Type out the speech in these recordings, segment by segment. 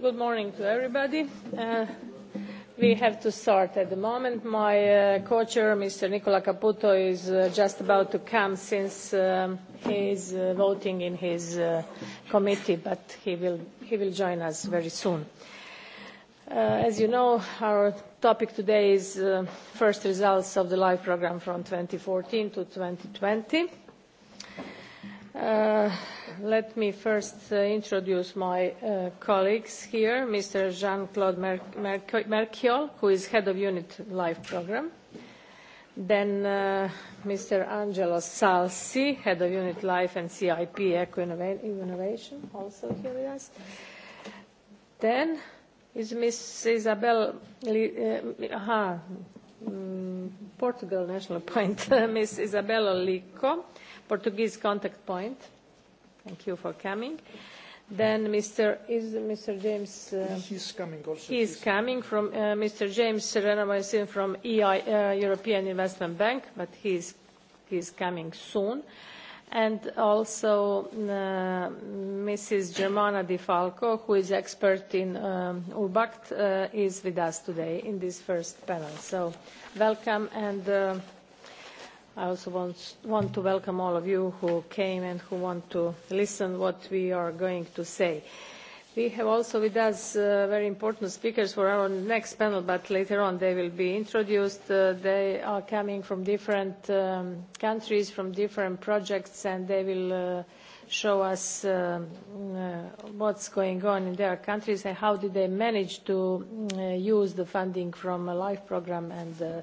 Good morning to everybody. Uh, we have to start at the moment. My uh, co-chair, Mr. Nicola Caputo, is uh, just about to come since um, he's he is voting in his committee, but he will, he will join us very soon. as you know, our topic today is first results of the LIFE program from 2014 to 2020 Uh, let me first uh, introduce my uh, colleagues here, Mr. Jean-Claude Mer who is head of Unit Life programme; Then Mr. Angelo Salsi, head of Unit Life and CIP Eco-Innovation, also here with us. Then is Ms. Isabel, aha, mm, Portugal National Point, Ms. Isabella Lico, Portuguese contact point. Thank you for coming. Then Mr. is Mr. James. Uh, he's coming also. He's coming from uh, Mr. James Serena from EI, uh, European Investment Bank, but he's he's coming soon. And also uh, Mrs. Germana Di Falco, who is expert in um, URBACT, uh, is with us today in this first panel. So welcome and. Uh, I also want, want to welcome all of you who came and who want to listen what we are going to say. We have also with us uh, very important speakers for our next panel, but later on they will be introduced. Uh, they are coming from different um, countries, from different projects, and they will uh, show us uh, uh, what's going on in their countries and how did they manage to uh, use the funding from a life program and uh,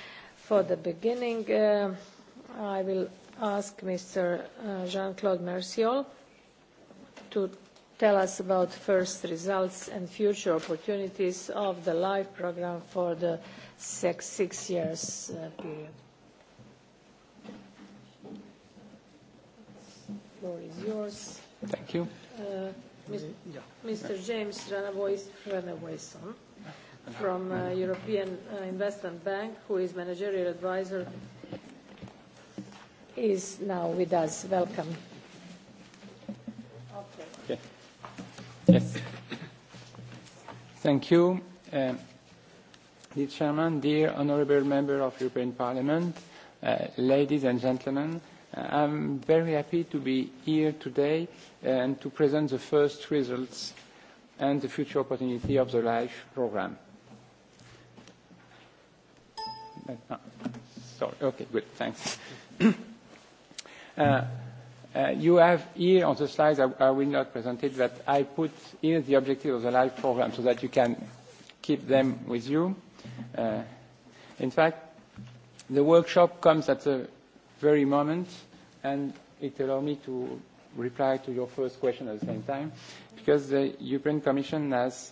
for the beginning. Uh, I will ask Mr. Uh, Jean-Claude Mercier to tell us about first results and future opportunities of the LIFE program for the six, years uh, period. floor is yours. Thank you. Mr. James Mr. James Ranawayson from uh, European uh, Investment Bank, who is managerial advisor, is now with us. Welcome. Okay. Yes. Thank you. Uh, dear Chairman, dear honorable member of European Parliament, uh, ladies and gentlemen, uh, I'm very happy to be here today uh, and to present the first results and the future opportunity of the LIFE programme sorry. Okay, good. Thanks. Uh, uh, you have here on the slides, I, will not present it, but I put here the objective of the live program so that you can keep them with you. Uh, in fact, the workshop comes at the very moment, and it allow me to reply to your first question at the same time, because the European Commission has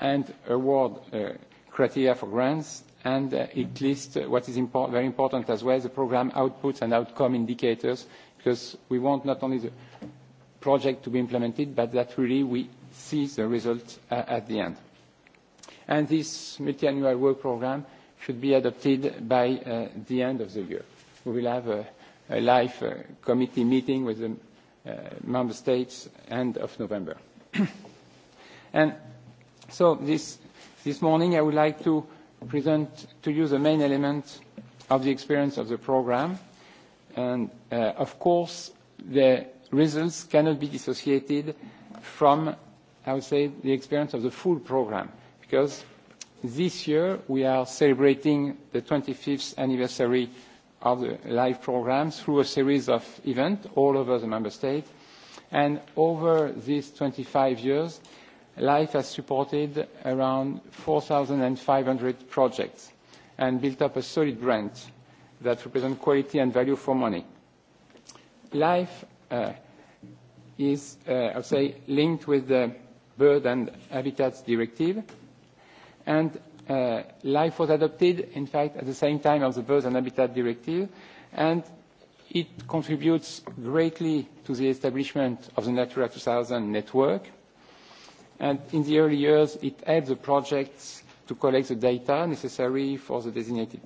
and award uh, criteria for grants, and uh, it lists uh, what is very important as well, the program outputs and outcome indicators, because we want not only the project to be implemented, but that really we see the result at the end. And This multi-annual work program should be adopted by uh, the end of the year. We will have a, a live uh, committee meeting with the uh, member states end of November. and So this, this morning I would like to present to you the main elements of the experience of the program. And uh, of course, the results cannot be dissociated from, I would say, the experience of the full program, because this year we are celebrating the 25th anniversary of the live program through a series of events all over the member state. And over these 25 years, Life has supported around 4,500 projects and built up a solid brand that represent quality and value for money. Life uh, is, uh, I would say, linked with the Bird and Habitats Directive, and uh, Life was adopted, in fact, at the same time as the Birds and Habitat Directive, and it contributes greatly to the establishment of the Natura 2000 network, and in the early years, it helped the projects to collect the data necessary for the designated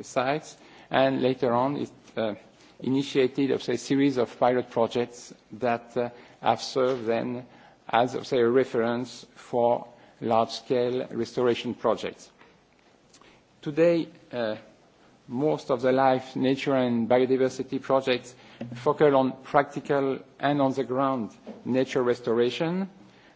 sites, and later on, it uh, initiated say, a series of pilot projects that uh, have served then as say, a reference for large-scale restoration projects. Today, uh, most of the life, nature, and biodiversity projects focus on practical and on-the-ground nature restoration,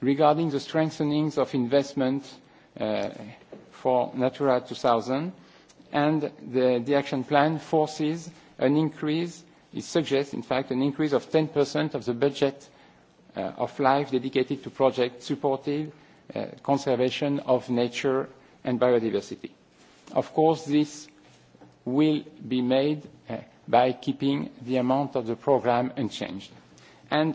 regarding the strengthening of investment uh, for Natura 2000, and the, the action plan forces an increase, it suggests, in fact, an increase of 10% of the budget uh, of life dedicated to projects supporting uh, conservation of nature and biodiversity. Of course, this will be made uh, by keeping the amount of the program unchanged. And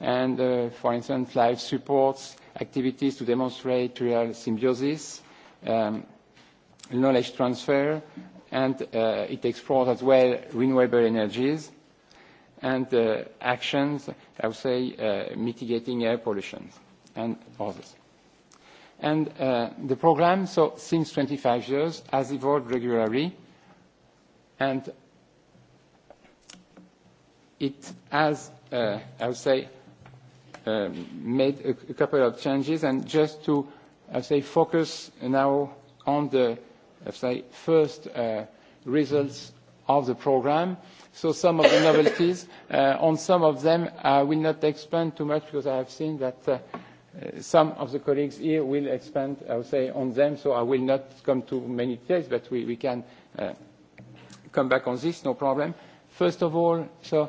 and, uh, for instance, life supports activities to demonstrate real symbiosis, um, knowledge transfer, and uh, it explores as well renewable energies and uh, actions, I would say, uh, mitigating air pollution and others. And uh, the program, so since 25 years, has evolved regularly, and it has, uh, I would say, Uh, made a, couple of changes, and just to, I say, focus now on the, I say, first uh, results of the program. So some of the novelties, uh, on some of them, I will not expand too much because I have seen that some of the colleagues here will expand, I would say, on them, so I will not come to many details, but we, we can come back on this, no problem. First of all, so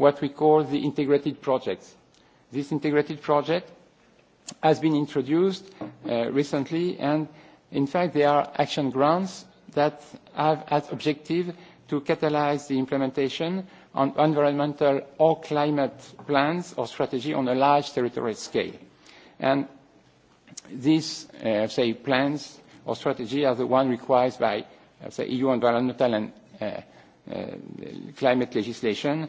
what we call the integrated projects. This integrated project has been introduced uh, recently, and in fact, they are action grants that have as objective to catalyze the implementation on environmental or climate plans or strategy on a large territorial scale. And these, uh, say, plans or strategy are the one required by, uh, say, EU environmental and uh, uh climate legislation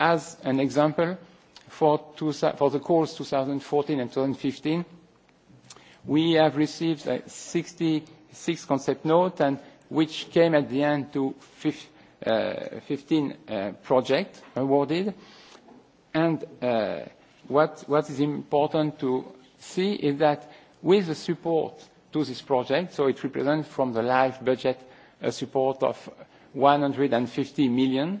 As an example, for, the calls 2014 and 2015, we have received 66 concept note, and which came at the end to 15 projects uh, uh, project awarded. And uh, what, is important to see is that with the support to this project, so it represents from the LIFE budget a support of 150 million,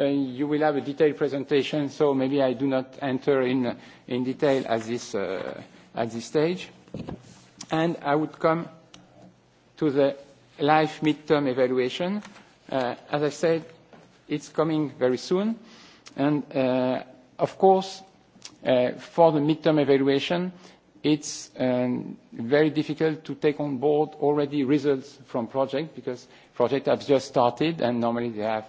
you will have a detailed presentation, so maybe I do not enter in, in detail at this, uh, at this stage. And I would come to the life midterm evaluation. Uh, as I said, it's coming very soon. And uh, of course, uh, for the midterm evaluation, it's um, very difficult to take on board already results from project because projects have just started, and normally they have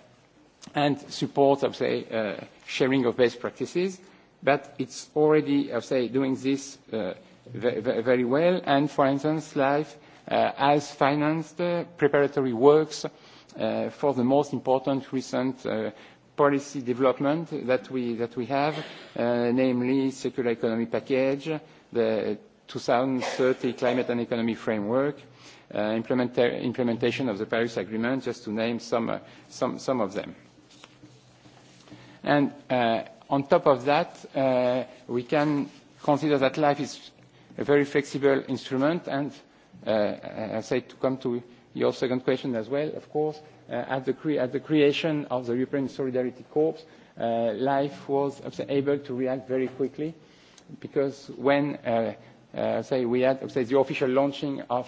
and support, I would say, uh, sharing of best practices. But it's already, I would say, doing this uh, very well. And for instance, Life has uh, financed preparatory works for the most important recent policy development that we, that we have, namely Circular Economy Package, the 2030 Climate and Economy Framework, implementation of the Paris Agreement, just to name some, some, some of them. And uh, on top of that, uh, we can consider that life is a very flexible instrument. And uh, I say to come to your second question as well, of course, at, the creation of the European Solidarity Corps, life was able to react very quickly because when say we had say, the official launching of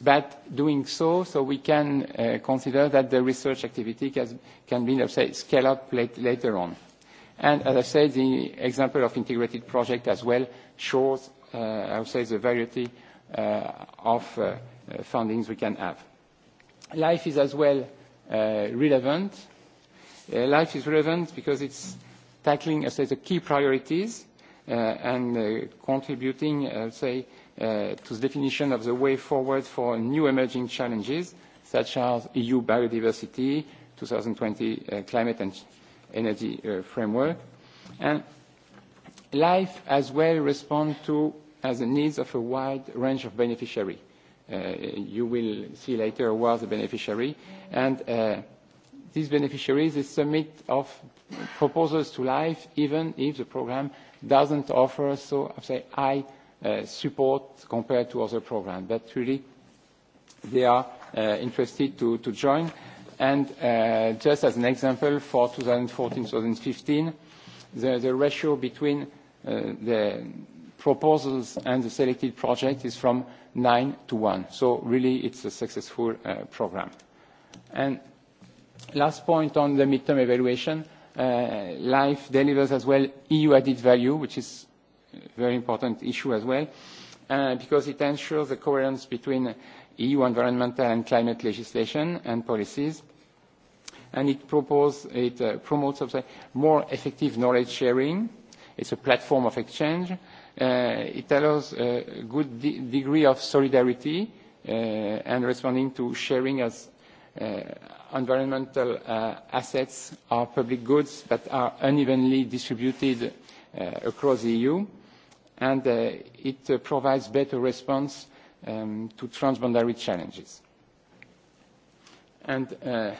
but doing so, so we can uh, consider that the research activity can, can be, let's say, scale up late, later on. And as I said, the example of integrated project as well shows, uh, I would say, the variety uh, of uh, fundings we can have. Life is as well uh, relevant. Uh, life is relevant because it's tackling, I say, the key priorities uh, and uh, contributing, I would say, Uh, to the definition of the way forward for new emerging challenges, such as EU biodiversity, 2020 uh, climate and energy uh, framework. life as well respond to the needs of a wide range of beneficiary. you will see later who are the beneficiary. these beneficiaries, they submit of proposals to life even if the program doesn't offer so say, high Uh, support compared to other programs. But really, they are uh, interested to, to join. And uh, just as an example, for 2014, 2015, the, the ratio between the proposals and the selected project is from nine to one. So really, it's a successful program. And last point on the midterm evaluation, uh, Life delivers as well EU added value, which is very important issue as well, uh, because it ensures the coherence between EU environmental and climate legislation and policies, and it, propose, it uh, promotes more effective knowledge sharing. It's a platform of exchange. Uh, it allows a good de degree of solidarity uh, and responding to sharing as uh, environmental uh, assets are public goods that are unevenly distributed uh, across the EU and uh, it uh, provides better response um, to transboundary challenges. And uh,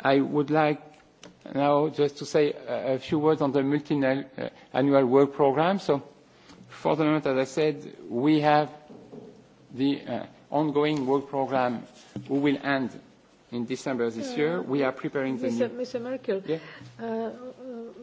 I would like now just to say a few words on the multi-annual work program. So for the moment, as I said, we have the uh, ongoing work program who will end in December this year. We are preparing the Mr. new- Mr. Merkel. Yeah. Uh,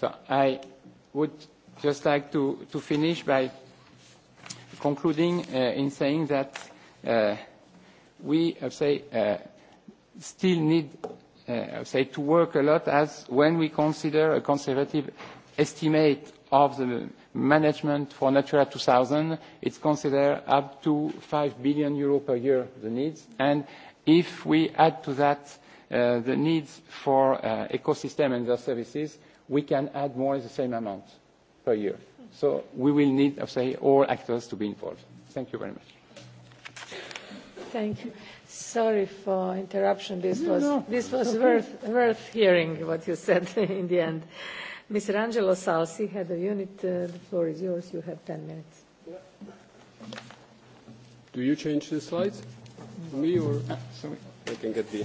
So I would just like to, to finish by concluding uh, in saying that uh, we, I say, uh, still need, uh, I say, to work a lot as when we consider a conservative estimate of the management for Natura 2000, it's considered up to 5 billion euro per year, the needs. And if we add to that uh, the needs for uh, ecosystem and their services, we can add more or the same amount per year. So we will need, I say, all actors to be involved. Thank you very much. Thank you. Sorry for interruption. This no, was, no, this was okay. worth, worth hearing what you said in the end. Mr. Angelo Salsi, head of unit, uh, the floor is yours. You have 10 minutes. Yeah. Do you change the slides? Mm-hmm. Me or? Ah, sorry. I can get the.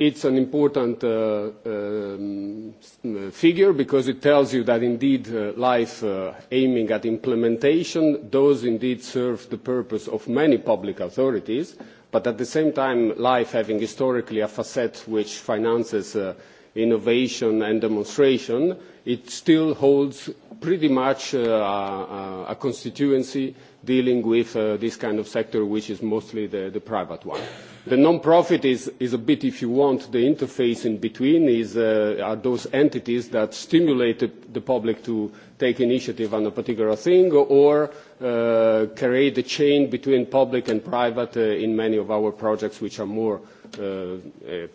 It's an important uh, um, uh, figure because it tells you that indeed uh, life aiming at implementation does indeed serve the purpose of many public authorities, but at the same time, life having historically a facet which finances innovation and demonstration, it still holds pretty much uh, a, uh, a constituency dealing with uh, this kind of sector, which is mostly the, the private one. The non-profit is, is a bit, if you want, the interface in between is, uh, are those entities that stimulate the public to take initiative on a particular thing or uh, create a chain between public and private uh, in many of our projects, which are more uh,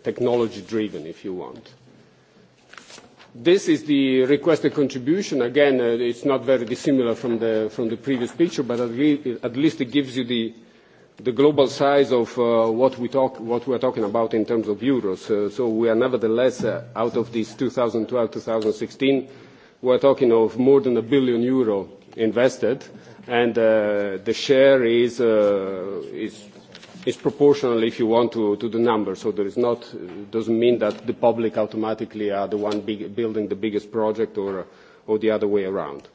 technology-driven, if you want. This is the requested contribution. Again, uh, it's not very dissimilar from the, from the previous picture, but at, le at least it gives you the, the global size of uh, what, we talk, what we are talking about in terms of euros. Uh, so we are nevertheless, uh, out of this 2012-2016, we are talking of more than a billion euro invested, and uh, the share is, uh, is is proportional, if you want, to, to the number. So there is not, doesn't mean that the public automatically are the one big, building the biggest project or, or the other way around.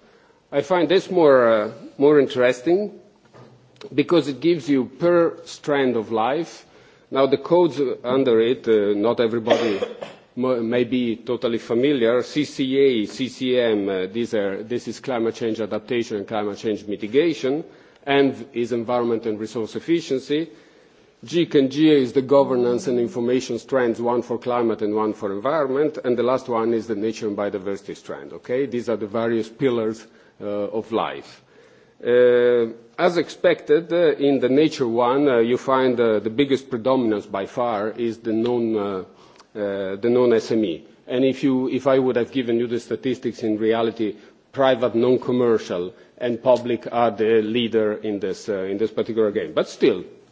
I find this more, uh, more interesting because it gives you per strand of life. Now the codes under it, uh, not everybody may be totally familiar. CCA, CCM, uh, these are, this is climate change adaptation and climate change mitigation, and is environment and resource efficiency. GIC and GA is the governance and information strands, one for climate and one for environment, and the last one is the nature and biodiversity strand, okay? These are the various pillars uh, of life. Uh, as expected, uh, in the nature one, uh, you find uh, the biggest predominance by far is the non, uh, uh, the non-SME. And if, you, if I would have given you the statistics, in reality, private non-commercial and public are the leader in this, in this particular game. But still,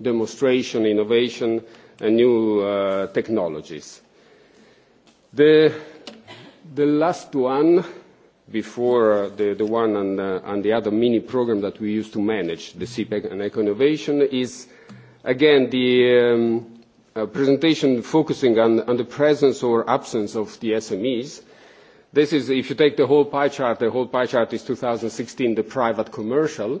demonstration, innovation, and new uh, technologies. The, the last one, before uh, the, the one on uh, and the other mini program that we used to manage, the CPEC e and Eco-Innovation, is again the um, uh, presentation focusing on, on the presence or absence of the SMEs. This is, if you take the whole pie chart, the whole pie chart is 2016, the private commercial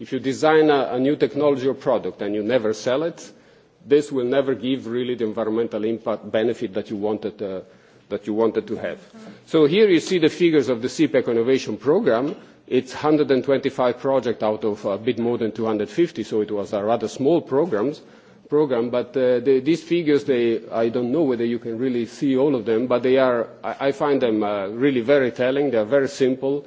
If you design a, new technology or product and you never sell it, this will never give really the environmental impact benefit that you wanted, uh, that you wanted to have. So here you see the figures of the CPEC e Innovation program. It's 125 projects out of a bit more than 250, so it was a rather small programs, program. But uh, the, these figures, they, I don't know whether you can really see all of them, but they are, I, I find them uh, really very telling. They are very simple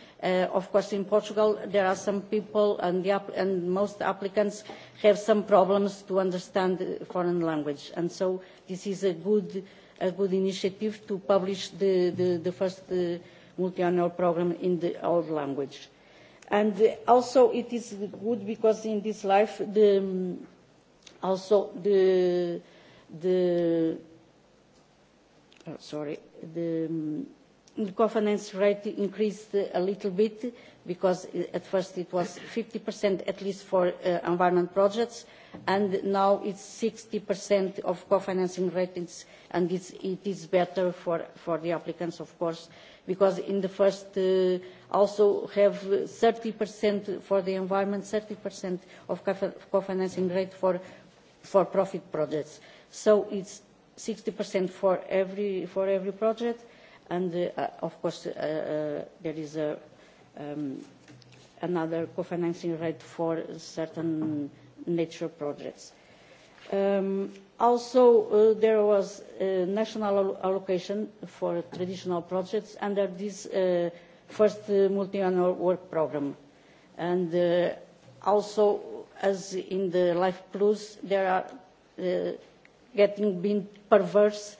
Uh, of course, in Portugal, there are some people and, most applicants have some problems to understand foreign language. And so this is a good, good initiative to publish the, first uh, multi-annual program in the old language. And also it is good because in this life, the, um, also the, the, oh, sorry, the, um, governance rate increased a little bit because at first it was 50% at least for uh, environment projects and now it's 60% of co-financing ratings and it is better for, the applicants of course because in the first uh, also have 30% for the environment, 30% of co-financing rate for, profit projects. So it's 60% for for every project And uh, of course, uh, uh, there is um, another co-financing rate for certain nature projects. Um, also, uh, there was a national allocation for traditional projects under this uh, first uh, multi-annual work program. And uh, also, as in the Life Plus, there are uh, getting being perverse uh,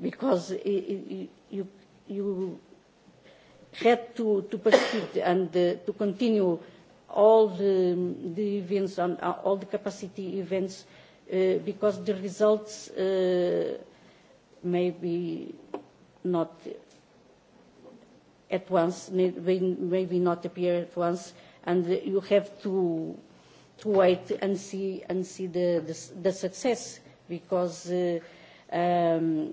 because it, it, you, you had to, to proceed and uh, to continue all the, the events, on, uh, all the capacity events, uh, because the results uh, may be not at once, may, maybe not appear at once, and you have to, to wait and see, and see the, the, the success, because uh, um,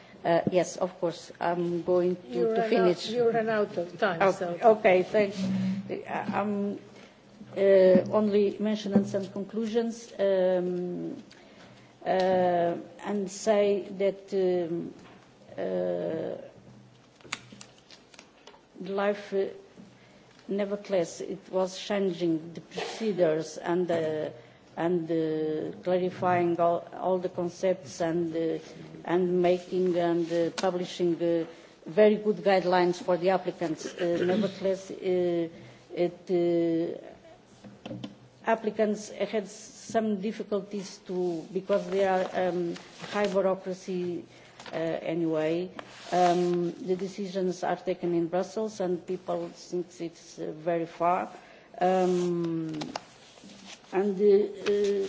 Uh, yes, of course, I'm going to, finish. you ran out of time. Okay, oh, so. okay thanks. I'm uh, um, uh, only mentioning some conclusions um, and say that um, life nevertheless it was changing the procedures and and clarifying all, the concepts and and making and uh, publishing uh, very good guidelines for the applicants. Uh, nevertheless, uh, it, uh, applicants had some difficulties to because they are um, high bureaucracy uh, anyway. Um, the decisions are taken in Brussels, and people think it's uh, very far. Um, and uh, uh,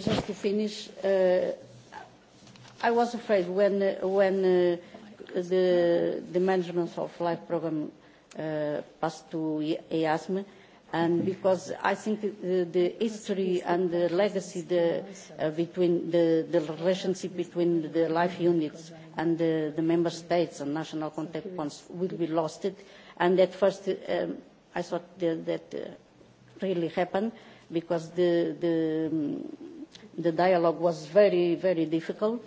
just to finish. Uh, I was afraid when, uh, when uh, the, the management of life program uh, passed to EASM, and mm-hmm. because I think the, the history and the legacy the, uh, between the, the relationship between the life units and the, the member states and national contact points will be lost. And at first um, I thought that, that uh, really happened because the, the, um, the dialogue was very, very difficult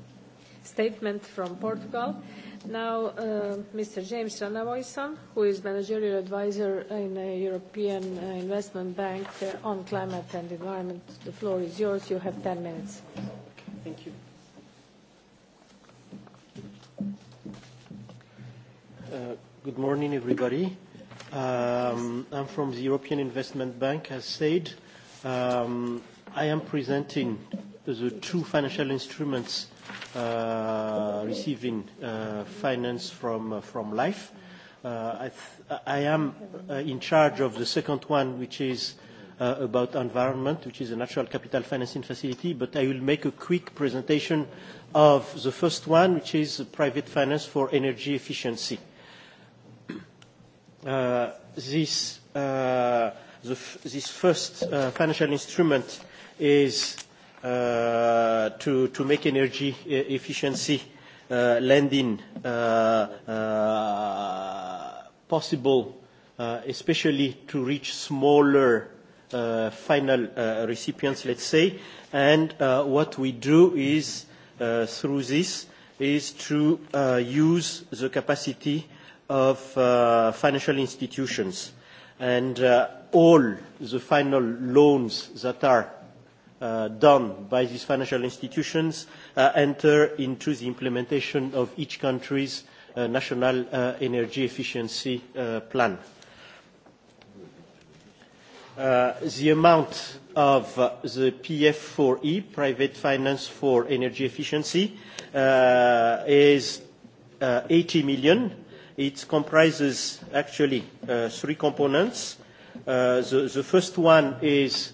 statement from Portugal. Now, uh, Mr. James Ranavoyson, who is managerial advisor in the European uh, Investment Bank uh, on climate and environment. The floor is yours. You have 10 minutes. Thank you. Uh, good morning, everybody. Um, I'm from the European Investment Bank, as said. Um, I am presenting the two financial instruments uh, receiving uh, finance from, uh, from life. I, am in charge of the second one, which is about environment, which is a natural capital financing facility, but I will make a quick presentation of the first one, which is private finance for energy efficiency. this, this first financial instrument is Uh, to, to make energy e, efficiency uh, lending uh, uh, possible, uh, especially to reach smaller uh, final uh, recipients, let's say. And uh, what we do is, uh, through this, is to uh, use the capacity of uh, financial institutions. And uh, all the final loans that are uh, done by these financial institutions uh, enter into the implementation of each country's uh, national uh, energy efficiency uh, plan. Uh, the amount of uh, the PF4E, Private Finance for Energy Efficiency, uh, is uh, 80 million. It comprises actually uh, three components. Uh, the, the first one is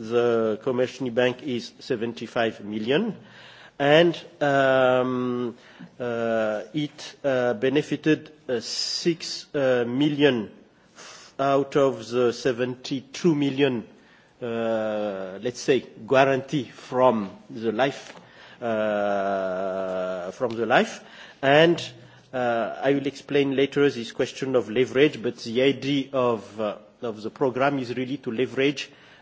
the commercial bank is 75 million, and um, uh, it uh, benefited uh, 6 uh, million out of the 72 million, uh, let's say, guarantee from the life, uh, from the life, and uh, I will explain later this question of leverage, but the idea of, uh, of the program is really to leverage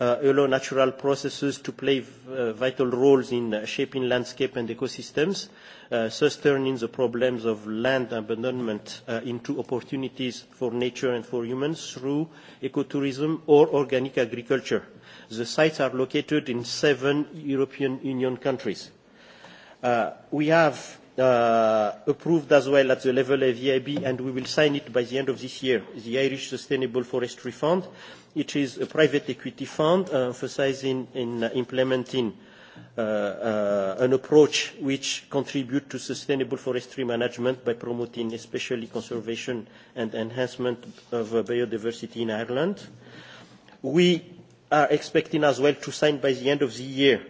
uh, allow natural processes to play uh, vital roles in uh, shaping landscape and ecosystems, uh, thus turning the problems of land abandonment uh, into opportunities for nature and for humans through ecotourism or organic agriculture. The sites are located in seven European Union countries. Uh, we have uh, approved as well at the level of EIB, e and we will sign it by the end of this year, the Irish Sustainable Forestry Fund, which is a private equity fund uh, emphasizing in uh, implementing uh, uh, an approach which contributes to sustainable forestry management by promoting especially conservation and enhancement of uh, biodiversity in Ireland. We are expecting as well to sign by the end of the year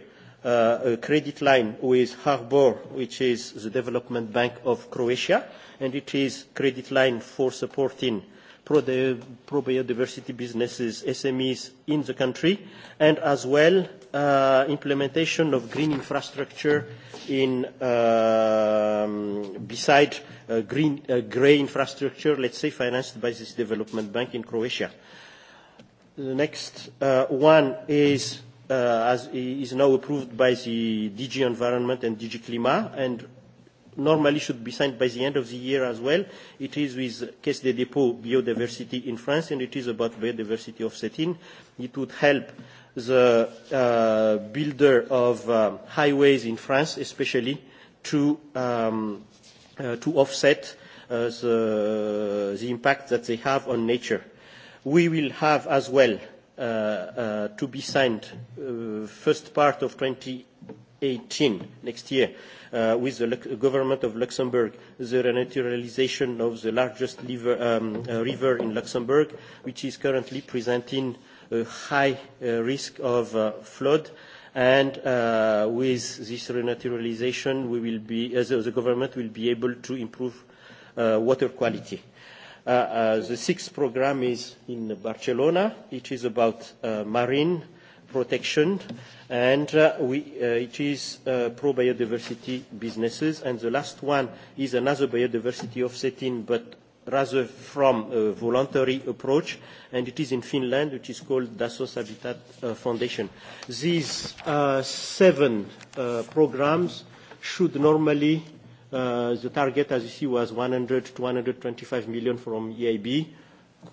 Uh, a credit line with Harbor, which is the development bank of Croatia, and it is credit line for supporting pro-biodiversity businesses, SMEs in the country, and as well uh, implementation of green infrastructure in, um, beside uh, green, uh, grey infrastructure, let's say, financed by this development bank in Croatia. The next uh, one is, uh, as is now approved by the DG Environment and DG Climate and normally should be signed by the end of the year as well. It is with Caisse des Dépôts Biodiversity in France, and it is about biodiversity of setting. It would help the uh, builder of uh, highways in France, especially, to, um, uh, to offset uh, the, the impact that they have on nature. We will have as well uh, uh, to be signed uh, first part of 20 2018, next year, uh, with the Lu government of Luxembourg, the renaturalization of the largest liver, um, uh, river in Luxembourg, which is currently presenting a high uh, risk of uh, flood. And uh, with this renaturalization, we will be, as uh, the, the government will be able to improve uh, water quality. Uh, uh, the sixth program is in Barcelona. It is about uh, marine protection, and uh, we, uh, it is uh, pro-biodiversity businesses. And the last one is another biodiversity offsetting, but rather from a voluntary approach, and it is in Finland, which is called Dasos Habitat uh, Foundation. These uh, seven uh, programs should normally, uh, the target, as you see, was 100 to 125 million from EIB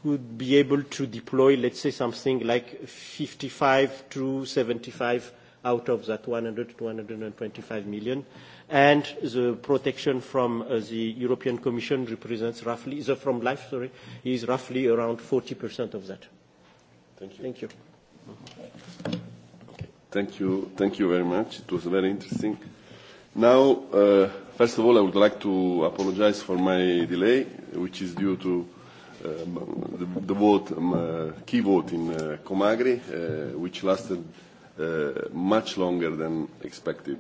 could be able to deploy, let's say, something like 55 to 75 out of that 100 to 125 million. And the protection from uh, the European Commission represents roughly, is uh, from life, sorry, is roughly around 40% of that. Thank you. Thank you. Thank you. Thank you very much. It was very interesting. Now, uh, first of all, I would like to apologize for my delay, which is due to the, the vote, um, uh, key vote in uh, Comagri, uh, which lasted much longer than expected.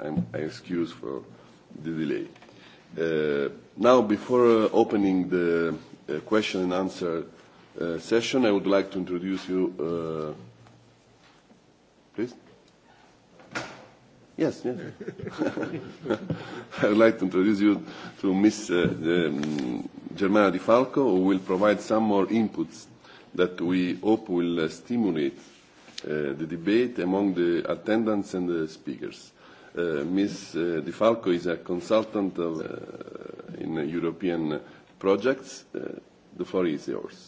I'm, I excuse for the delay. Now, before opening the question and answer session, I would like to introduce you. Please. Yes, yes. I would like to introduce you to Ms. Uh, um, Germana Di Falco, who will provide some more inputs that we hope will uh, stimulate uh, the debate among the attendants and the speakers. Ms. Di Falco is a consultant of, in European projects. The floor is yours.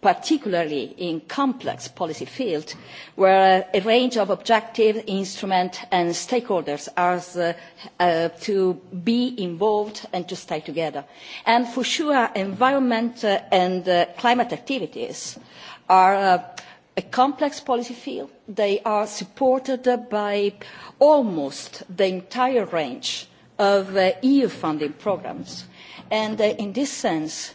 particularly in complex policy fields where a range of objectives, instruments and stakeholders are uh, to be involved and to stay together. And for sure, environment uh, and uh, climate activities are uh, a complex policy field. They are supported by almost the entire range of uh, EU funding programmes. And uh, in this sense,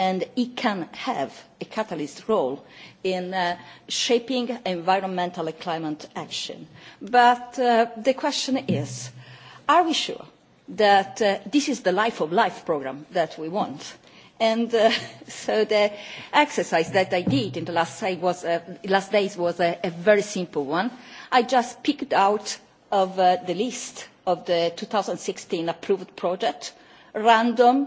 and it can have a catalyst role in uh, shaping environmental and climate action. But uh, the question is, are we sure that uh, this is the life of life program that we want? And uh, so the exercise that I did in the last, day was, uh, last days was a, a very simple one. I just picked out of uh, the list of the 2016 approved project random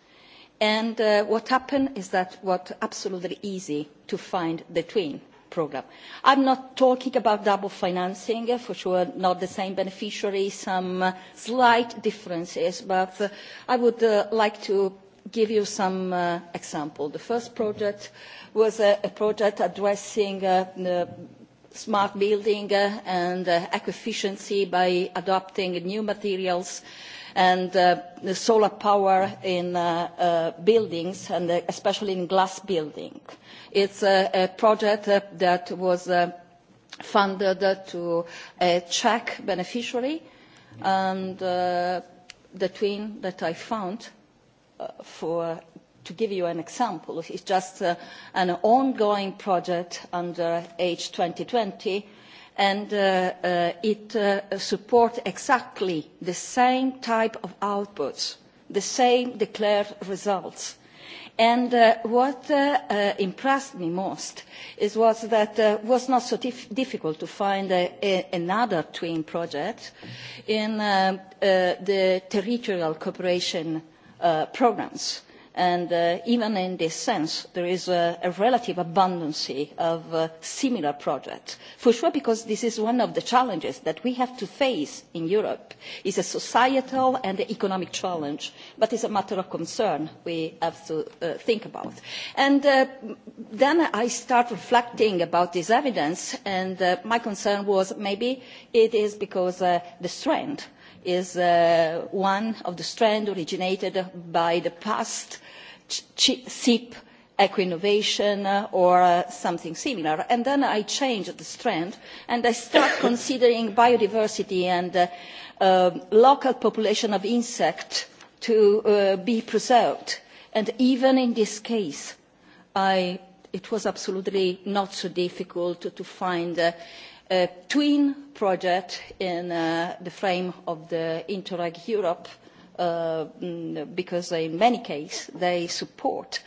And uh, what happened is that it was absolutely easy to find the twin programme. I'm not talking about double financing, uh, for sure not the same beneficiary, some uh, slight differences, but uh, I would uh, like to give you some uh, example. The first project was a, a project addressing uh, the smart building uh, and uh, eco-efficiency by adopting new materials uh, and uh, solar power in uh, uh, buildings and especially in glass buildings. It's a, a project that was funded to a Czech beneficiary and the twin that I found for to give you an example, is just an ongoing project under H2020 and uh, uh, it uh, supports exactly the same type of outputs, the same declared results. And uh, what uh, uh, impressed me most is was that it uh, was not so dif difficult to find another twin project in uh, uh, the territorial cooperation programmes and uh, even in this sense there is a, a relative abundance of uh, similar projects for sure because this is one of the challenges that we have to face in europe is a societal and economic challenge but it's a matter of concern we have to uh, think about and uh, then i start reflecting about this evidence and uh, my concern was maybe it is because uh, the strength is uh, one of the strands originated by the past SIP eco-innovation uh, or uh, something similar. And then I changed the strand and I start considering biodiversity and uh, um, local population of insects to uh, be preserved. And even in this case, I, it was absolutely not so difficult to, to find uh, a twin project in uh, the frame of the Interreg Europe uh, mm, because in many cases they support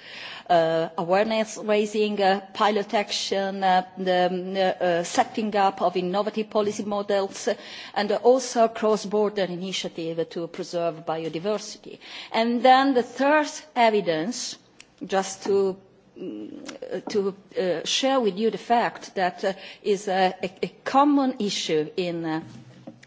uh, awareness raising, uh, pilot action, uh, the um, uh, uh, setting up of innovative policy models, and also cross-border initiative to preserve biodiversity. And then the third evidence, just to to uh, share with you the fact that uh, is a, a, common issue in, uh,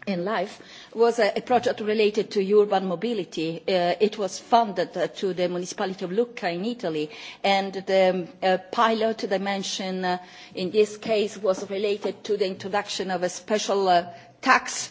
in life was a, a, project related to urban mobility. Uh, it was funded uh, to the municipality of Lucca in Italy, and the um, pilot dimension in this case was related to the introduction of a special tax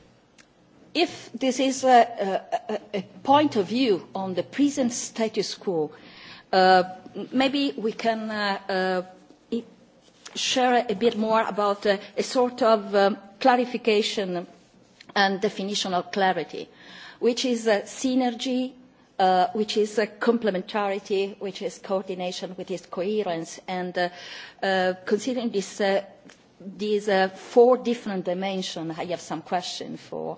if this is a, a, a point of view on the present status quo, uh, maybe we can uh, uh, share a bit more about uh, a sort of um, clarification and definition of clarity, which is a synergy, uh, which is a complementarity, which is coordination, which is coherence, and uh, uh, considering this, uh, these uh, four different dimensions, I have some questions for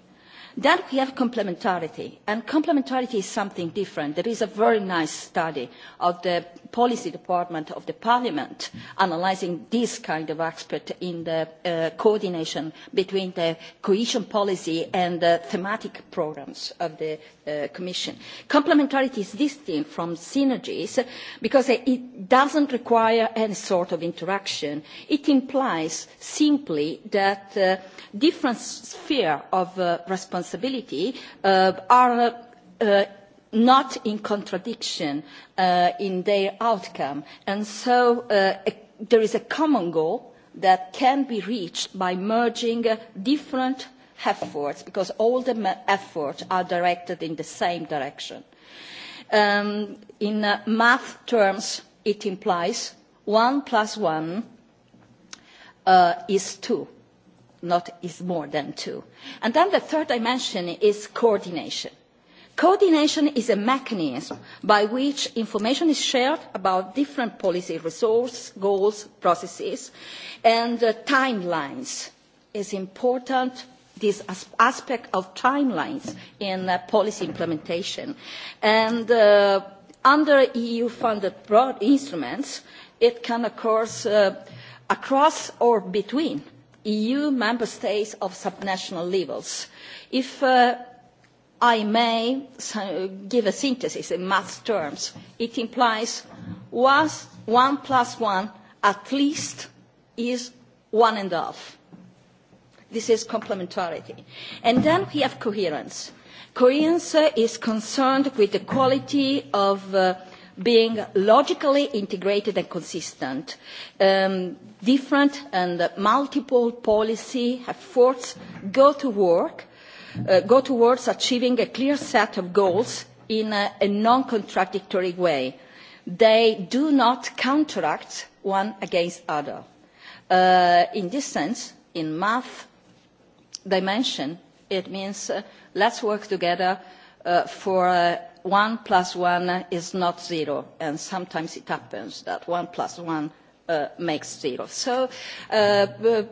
Then we have complementarity, and complementarity is something different. There is a very nice study of the policy department of the parliament analysing this kind of aspect in the uh, coordination between the cohesion policy and the thematic programmes of the Uh, commission. Complementarity is distinct from synergies because it doesn't require any sort of interaction. It implies simply that uh, different spheres of uh, responsibility uh, are uh, not in contradiction uh, in their outcome. And so uh, a, there is a common goal that can be reached by merging uh, different efforts, because all the efforts are directed in the same direction. Um, in uh, math terms, it implies one plus one uh, is two, not is more than two. And then the third dimension is coordination. Coordination is a mechanism by which information is shared about different policy resources, goals, processes, and uh, timelines is important this aspect of timelines in uh, policy implementation. And uh, under EU-funded broad instruments, it can occur uh, across or between EU member states of subnational levels. If uh, I may give a synthesis in math terms, it implies one plus one at least is one and a half This is complementarity. And then we have coherence. Coherence is concerned with the quality of uh, being logically integrated and consistent. Um, different and multiple policy efforts go to work, uh, go towards achieving a clear set of goals in a, a non-contradictory way. They do not counteract one against other. Uh, in this sense, in math, dimension, it means uh, let's work together uh, for uh, one plus one is not zero, and sometimes it happens that one plus one uh, makes zero. So uh, uh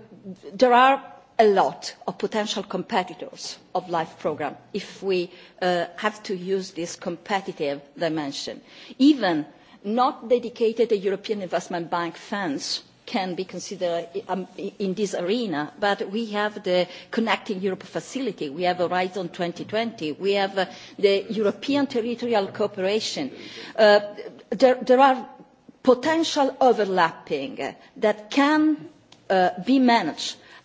there are a lot of potential competitors of life programme if we uh, have to use this competitive dimension. Even not dedicated European Investment Bank funds can be considered um, in this arena, but we have the Connecting Europe facility, we have Horizon 2020, we have uh, the European territorial cooperation. Uh, there, are potential overlapping that can uh, be managed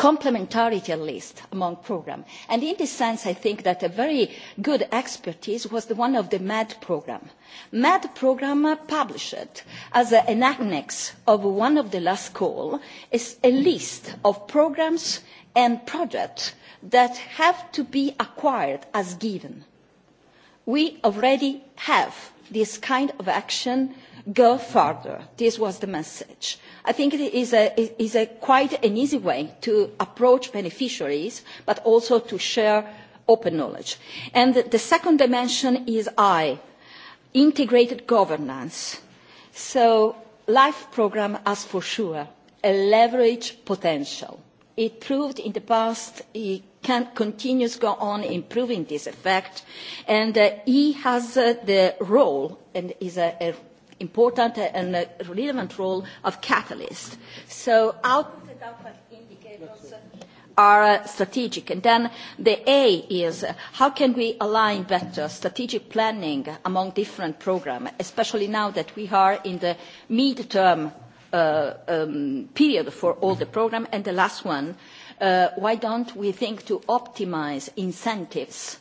complementarity at least among programmes. And in this sense, I think that a very good expertise was the one of the MED programme. MED programme published as an annex of one of the last call is a list of programmes and projects that have to be acquired as given. We already have this kind of action go further. This was the message. I think it is, a, it is a quite an easy way to approach beneficiaries, but also to share open knowledge. And the second dimension is I, integrated governance. So life programme has for sure a leverage potential. It proved in the past it can continues go on improving this effect. And uh, E has uh, the role and is a, a important and a relevant role of catalyst. So out are uh, strategic. And then the A is uh, how can we align better strategic planning among different programs, especially now that we are in the mid-term uh, um, period for all the programs. And the last one Uh, why don't we think to optimize incentives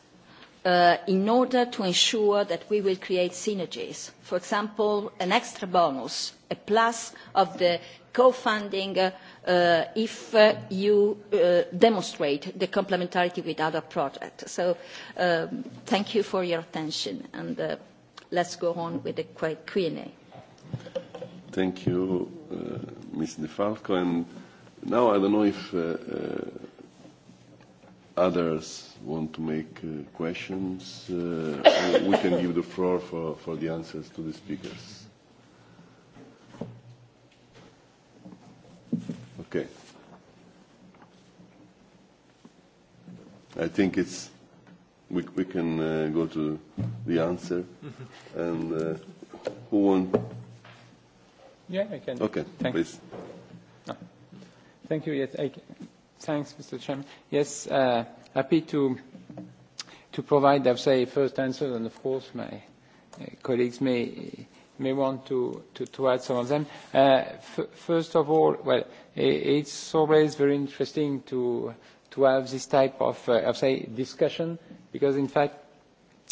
uh, in order to ensure that we will create synergies? For example, an extra bonus, a plus of the co-funding uh, if you demonstrate the complementarity with other projects. So um, thank you for your attention and let's go on with the Q&A. Thank you, Ms. De Falco. And Now, I don't know if uh, uh, others want to make uh, questions. Uh, we can give the floor for, for the answers to the speakers. Okay. I think it's we, we can uh, go to the answer. and uh, who won? Yeah, I can. Okay, Thanks. please. Thank you. Yes, I, thanks, Mr. Chairman. Yes, uh, happy to to provide, I'd say, first answer, and of course, my uh, colleagues may may want to to, to add some of them. Uh, f first of all, well, it's always very interesting to to have this type of, uh, I'd say, discussion because, in fact,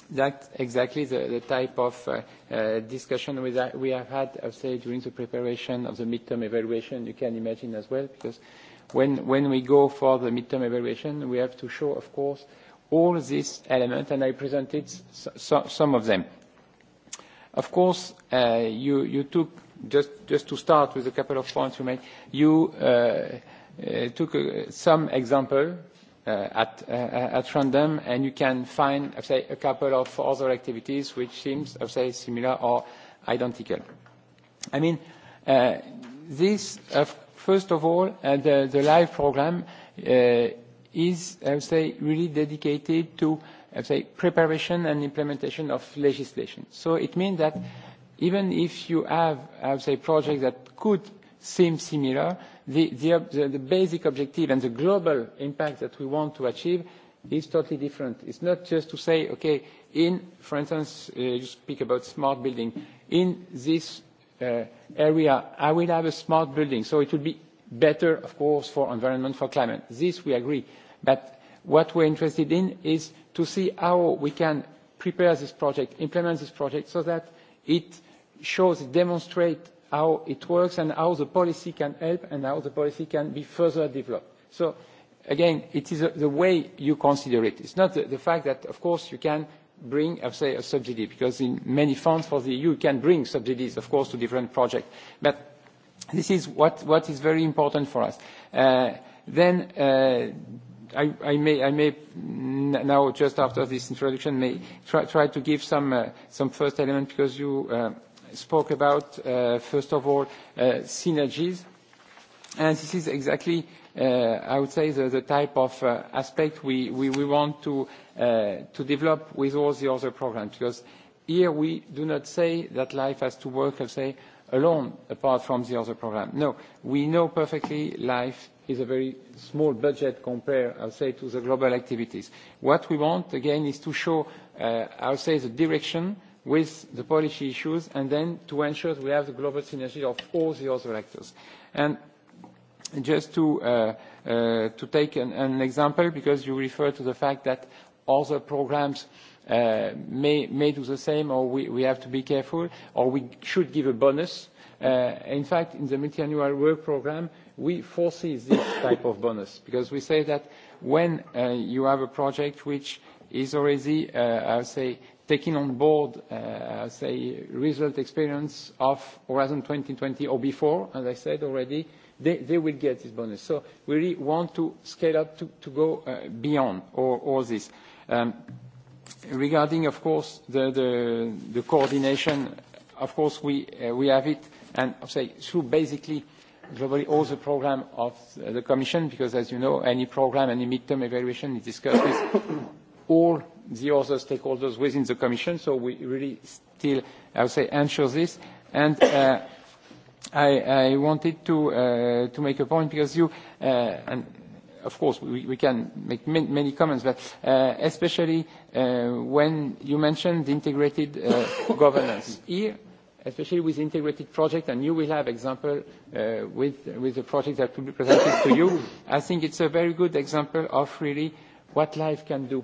That's exactly the, the type of uh, uh, discussion we, that we have had, I'd say, during the preparation of the midterm evaluation, you can imagine as well, because when, when we go for the midterm evaluation, we have to show, of course, all these elements, and I presented so, so, some of them. Of course, uh, you, you took, just, just to start with a couple of points you made, you uh, uh, took uh, some example Uh, uh, at, random, and you can find, I'd say, a couple of other activities which seems, I'd say, similar or identical. I mean, uh, this, first of all, the, live program is, I would say, really dedicated to, I would say, preparation and implementation of legislation. So it means that even if you have, I would say, projects that could seem similar, the, the, the basic objective and the global impact that we want to achieve is totally different. It's not just to say, okay, in, for instance, uh, you speak about smart building. In this uh, area, I will have a smart building, so it will be better, of course, for environment, for climate. This we agree. But what we're interested in is to see how we can prepare this project, implement this project, so that it shows, demonstrates how it works and how the policy can help and how the policy can be further developed. So again, it is uh, the way you consider it. It's not the, fact that, of course, you can bring, I say, a subsidy, because in many funds for the EU, you can bring subsidies, of course, to different projects. But this is what, is very important for us. Uh, then uh, I, may, now, just after this introduction, may try, to give some, some first element, because you spoke about, uh, first of all, uh, synergies. And this is exactly, uh, I would say, the, type of aspect we, we, want to, to develop with all the other programs, because here we do not say that life has to work, I'll say, alone apart from the other program. No, we know perfectly life is a very small budget compared, I'll say, to the global activities. What we want, again, is to show, I'll say, the direction with the policy issues and then to ensure we have the global synergy of all the other actors. And just to, uh, uh, to take an, example, because you refer to the fact that other programs uh, may, may do the same or we, we have to be careful or we should give a bonus. In fact, in the multi-annual work program, we foresee this type of bonus because we say that when you have a project which is already, I would say, taking on board, uh, say, result experience of Horizon 2020 or before, as I said already, they, will get this bonus. So we really want to scale up to, go uh, beyond all, this. Um, regarding, of course, the, coordination, of course, we, uh, we have it, and say, through basically globally all the program of the Commission, because as you know, any program, any midterm evaluation is discussed with all the other stakeholders within the Commission, so we really still, I would say, ensure this. And uh, I, wanted to, uh, to make a point because you, uh, and of course, we, can make many, comments, but especially when you mentioned integrated governance. Here, especially with integrated project, and you will have example with, with the project that will be presented to you, I think it's a very good example of really what life can do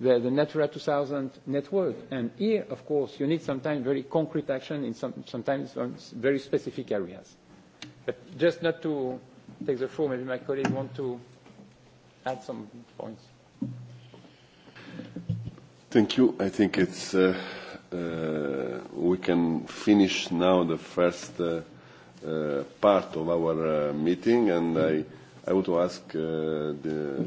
the, the Natura 2000 network. And here, of course, you need sometimes very concrete action in some, sometimes on very specific areas. But just not to take the floor, maybe my colleague want to add some points. Thank you. I think it's uh, uh, we can finish now the first uh, uh part of our uh, meeting, and I, I want to ask uh, the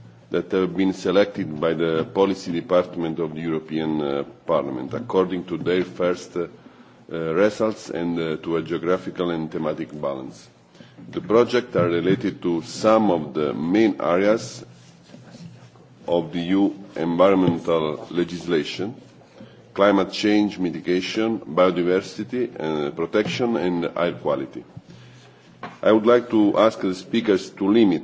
that have been selected by the policy department of the European uh, Parliament according to their first uh, uh, results and to a geographical and thematic balance. The projects are related to some of the main areas of the EU environmental legislation, climate change mitigation, biodiversity protection and air quality. I would like to ask the speakers to limit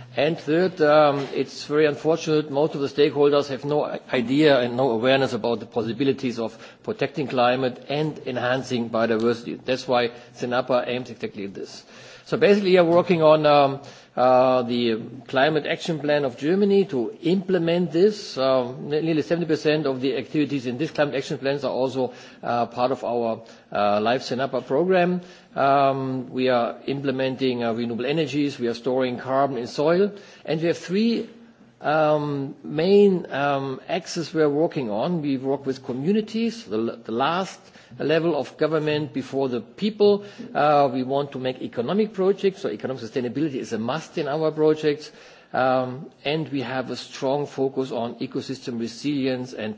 And third, um, it's very unfortunate most of the stakeholders have no idea and no awareness about the possibilities of protecting climate and enhancing biodiversity. That's why CENAPA aims exactly at this. So basically, you're working on um, uh, the climate action plan of Germany to implement this. Uh, nearly 70% of the activities in this climate action plans are also uh, part of our uh, Life Sinapa program. Um, we are implementing uh, renewable energies, we are storing carbon in soil, and we have three um, main um, axes we are working on. We work with communities. The, the last level of government before the people. Uh, we want to make economic projects, so economic sustainability is a must in our projects. Um, and we have a strong focus on ecosystem resilience and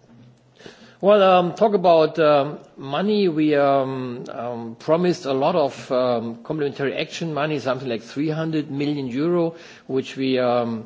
Well, um, talk about um, money. We um, um promised a lot of um, complementary action money, something like 300 million euro, which we um,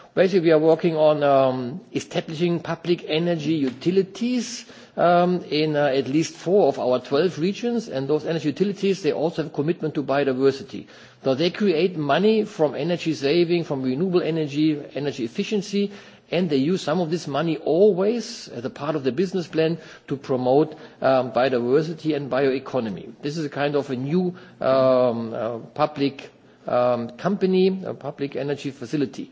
Basically, we are working on um, establishing public energy utilities um, in uh, at least four of our 12 regions, and those energy utilities, they also have a commitment to biodiversity. So they create money from energy saving, from renewable energy, energy efficiency, and they use some of this money always as a part of the business plan to promote um, biodiversity and bioeconomy. This is a kind of a new um, uh, public um, company, a public energy facility.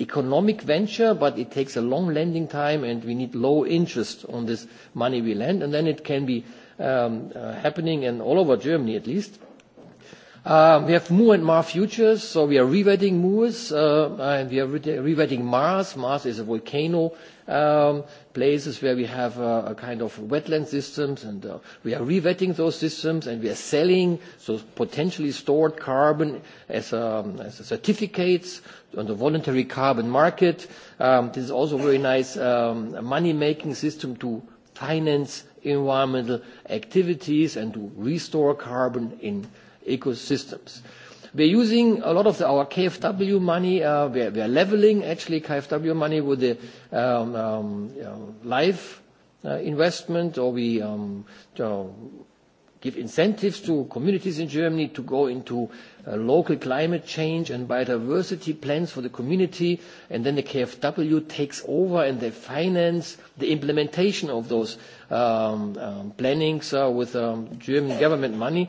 economic venture, but it takes a long lending time, and we need low interest on this money we lend, and then it can be um, uh, happening and all over Germany at least. Uh, we have Moore and Mar futures, so we are rewetting Moors, uh, and we are rewetting Mars. Mars is a volcano. Um, places where we have a kind of wetland systems and uh, we are re-wetting those systems and we are selling those potentially stored carbon as, um, certificates on the voluntary carbon market. Um, this is also a very nice um, money-making system to finance environmental activities and to restore carbon in ecosystems. We're using a lot of our KfW money. Uh, we we're, leveling actually KfW money with the um, um, uh, life uh, investment, or we um, give incentives to communities in Germany to go into local climate change and biodiversity plans for the community, and then the KfW takes over and they finance the implementation of those plannings with German government money.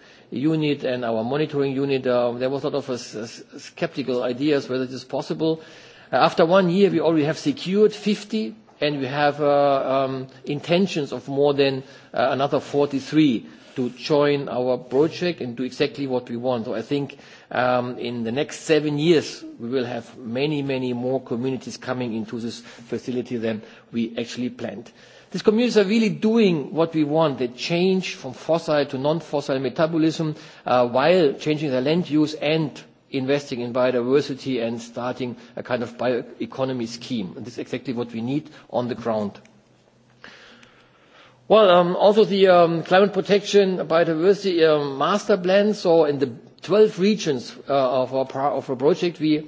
unit and our monitoring unit, uh, there was a lot of uh, skeptical ideas whether it is possible. Uh, after one year, we already have secured 50, and we have uh, um, intentions of more than uh, another 43 to join our project and do exactly what we want. So I think um, in the next seven years, we will have many, many more communities coming into this facility than we actually planned. Uh, These communities are really doing what we want. They change from fossil to non-fossil metabolism uh, while changing their land use and investing in biodiversity and starting a kind of bioeconomy scheme. And this is exactly what we need on the ground. Well, um, also the um, climate protection biodiversity um, master plan. So in the 12 regions uh, of, our, of our project, we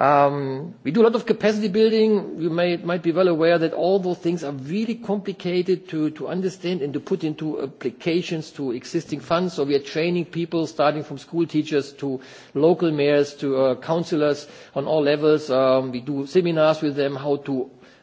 Um, we do a lot of capacity building. You may, might be well aware that all those things are really complicated to, to understand and to put into applications to existing funds. So we are training people, starting from school teachers to local mayors to uh, councillors on all levels. Um, we do seminars with them, how to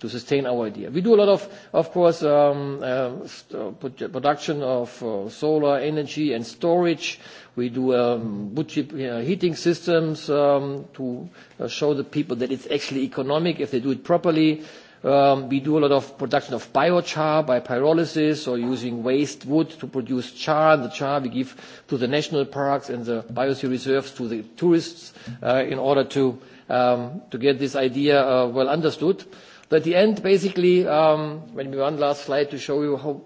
to sustain our idea. We do a lot of, of course, um, uh, uh production of uh, solar energy and storage. We do um, wood chip uh, heating systems um, to uh, show the people that it's actually economic if they do it properly. Um, we do a lot of production of biochar by pyrolysis or using waste wood to produce char. The char we give to the national parks and the biosphere reserves to the tourists uh, in order to, um, to get this idea uh, well understood at the end, basically, maybe um, one last slide to show you how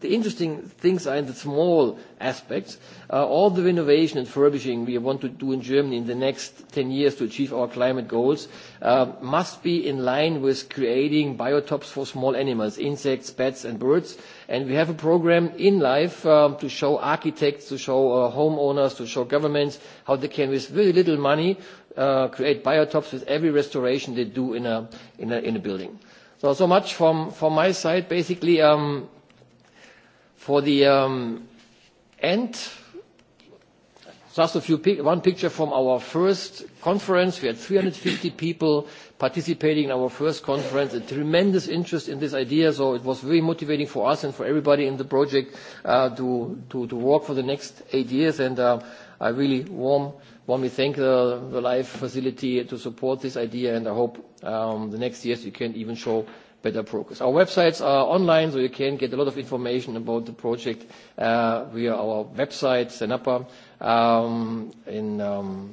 the interesting things are in the small aspects. Uh, all the renovation and furbishing we want to do in Germany in the next 10 years to achieve our climate goals uh, must be in line with creating biotopes for small animals, insects, bats, and birds. we have a program in life um, to show architects, to show uh, homeowners, to show governments how they can, with very little money, Uh, create biotopes with every restoration they do in a, in a, in a building. So, so much from, from my side. Basically, um, for the um, end, just a few one picture from our first conference. We had 350 people participating in our first conference, a tremendous interest in this idea. So it was very motivating for us and for everybody in the project uh, to, to, to work for the next eight years. And uh, I really warm Warmly thank the, the Life facility to support this idea, and I hope um, the next years we can even show better progress. Our websites are online, so you can get a lot of information about the project uh, via our website, Senapa, um, in, um,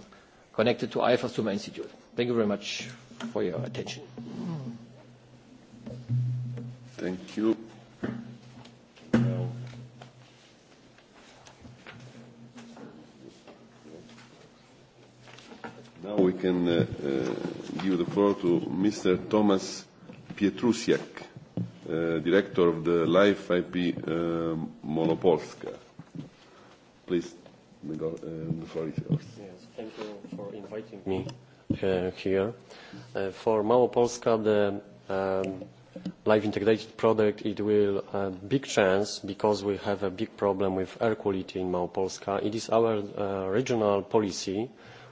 connected to IFA Summa Institute. Thank you very much for your attention. Thank you. Now we can uh, uh, give the floor to Mr. Thomas Pietrusiak, uh, director of the Life IP uh, Monopolska. Please, the, go, uh, the floor is yours. Yes, thank you for inviting me uh, here. Uh, for Małopolska, the um, live integrated product, it will uh, big chance because we have a big problem with air quality in Małopolska. It is our uh, regional policy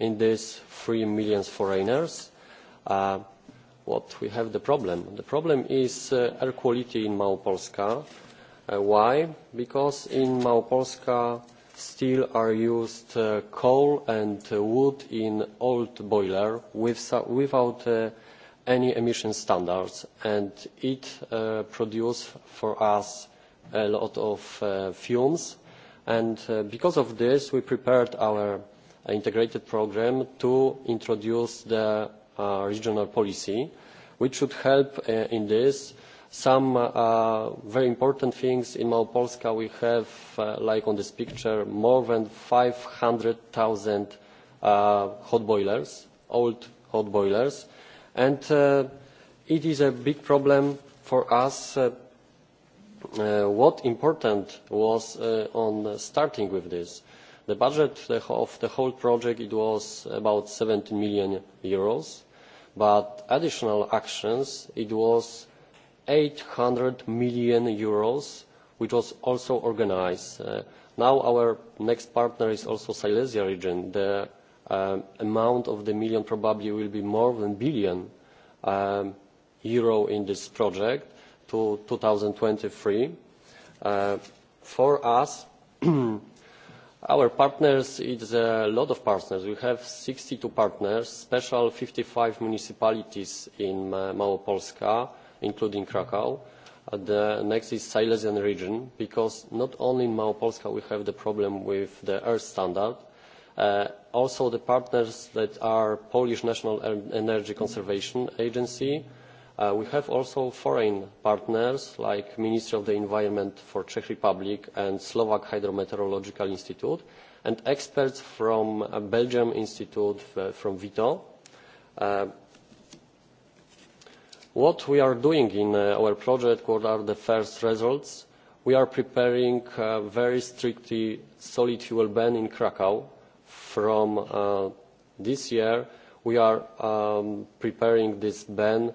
in these three million foreigners, uh, what we have the problem? The problem is uh, air quality in Małopolska. Uh, why? Because in Małopolska still are used uh, coal and uh, wood in old boiler with, without uh, any emission standards and it uh, produces for us a lot of uh, fumes and because of this we prepared our integrated programme to introduce the uh, regional policy which should help uh, in this. Some uh, very important things in Małopolska we have, like on this picture, more than 500,000 hot boilers, old hot boilers. And it is a big problem for us Uh, what important was uh, on starting with this the budget of the whole project was about eur million Euros, but additional actions it was eur eight hundred million Euros, which was also organised. Uh, now our next partner is also silesia region. the uh, amount of the million probably will be more than a billion um, euro in this project to two thousand and twenty three. Uh, for us Our partners, it's a lot of partners. We have two partners, special 55 municipalities in Małopolska, including Kraków. Uh, the next is Silesian region, because not only in Małopolska we have the problem with the air standard, uh, also the partners that are Polish National Energy Conservation Agency, Uh, we have also foreign partners like ministry of the environment for czech republic and slovak hydrometeorological institute and experts from uh, belgium institute uh, from vito uh, what we are doing in our project what are the first results we are preparing a very strictly solid fuel ban in krakow from this year we are um, preparing this ban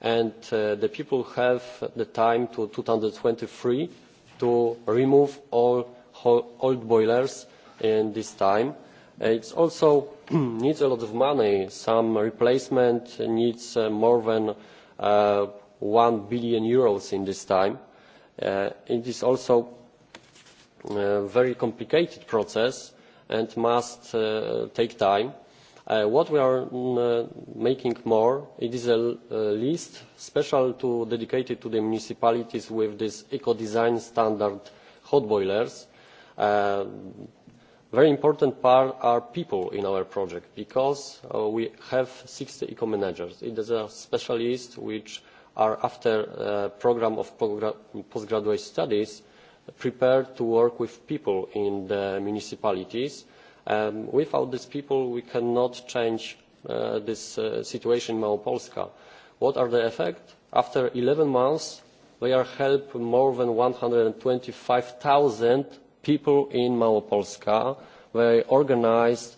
and uh, the people have the time to two thousand and twenty three to remove all old boilers in this time. Uh, it also needs a lot of money. some replacement needs uh, more than eur one billion Euros in this time. it is also a very complicated process and must take time Uh, what we are mm, uh, making more, it is a, list special to, dedicated to the municipalities with this eco-design standard hot boilers. Uh, very important part are people in our project because we have 60 eco-managers. It is a specialist which are after a program of postgraduate studies prepared to work with people in the municipalities Um, without these people, we cannot change uh, this uh, situation in Małopolska. What are the effects? After 11 months, they are helped more than 125,000 people in Małopolska. They organized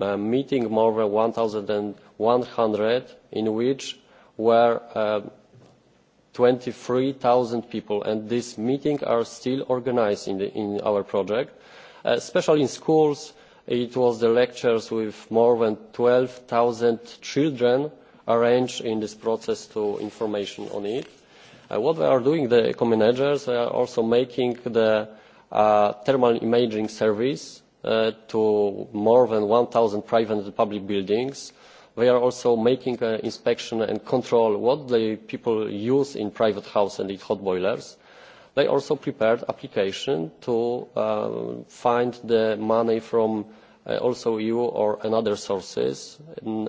a uh, meeting more than 1,100 in which were uh, um, 23,000 people. And these meetings are still organized in, the, in our project, uh, especially in schools, it was the lectures with more than twelve zero children arranged in this process to information on it. Uh, what they are doing, the eco managers, they are also making the uh, thermal imaging service uh, to more than 1,000 private and public buildings. They are also making uh, inspection and control what the people use in private house and in hot boilers they also prepared application to uh, find the money from uh, also eu or another sources.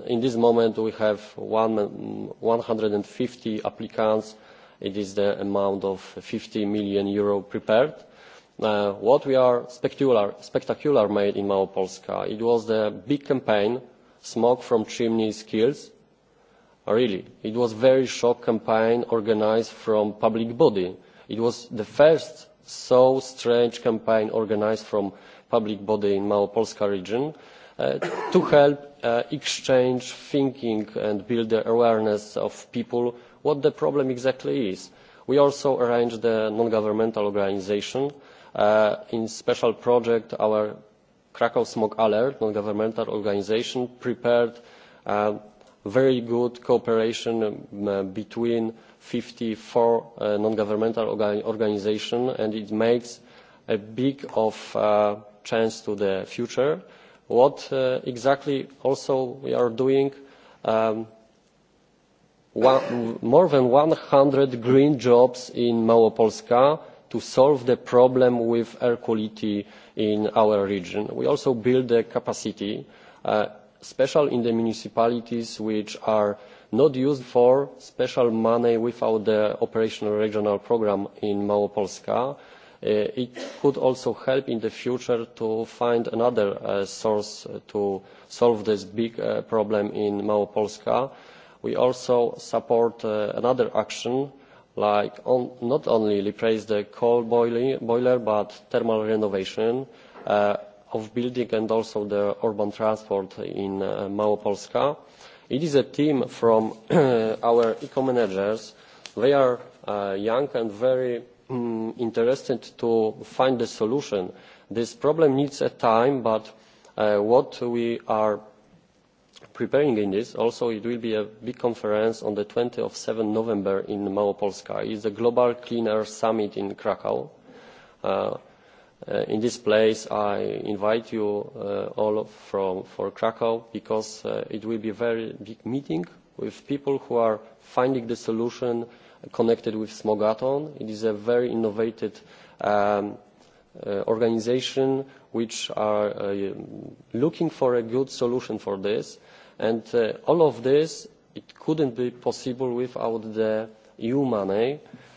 In this moment we have one hundred and fifty applicants. it is the amount of eur fifty million prepared. Uh, what we are spectacular, spectacular made in małopolska it was the big campaign smoke from chimneys kills really it was a very short campaign organised from a public body it was the first so strange campaign organised from a public body in małopolska region uh, to help uh, exchange thinking and build the awareness of people about what the problem exactly is. we also arranged a non governmental organisation uh, in a special project our krakow smog alert non governmental organisation prepared very good cooperation um, between fifty four uh, non governmental organisations and it makes a big of uh, chance to the future. What uh, exactly also we are doing um, one, more than 100 green jobs in Małopolska to solve the problem with air quality in our region. We also build the capacity, uh, special in the municipalities which are not used for special money without the operational regional programme in małopolska. Uh, it could also help in the future to find another uh, source to solve this big uh, problem in małopolska. we also support another action like not only replace the coal boiler but thermal renovation of building and also the urban transport in Małopolska it is a team from uh, our eco managers they are uh, young and very um, interested to find a solution. this problem needs a time but uh, what we are preparing in this also it will be a big conference on the 27 of november in małopolska. it is a global clean air summit in krakow. Uh, Uh, in this place i invite you uh, all from for krakow because uh, it will be a very big meeting with people who are finding the solution connected with smogaton it is a very innovative um, uh, organisation which are uh, looking for a good solution for this and all of this it couldn't be possible without the eu money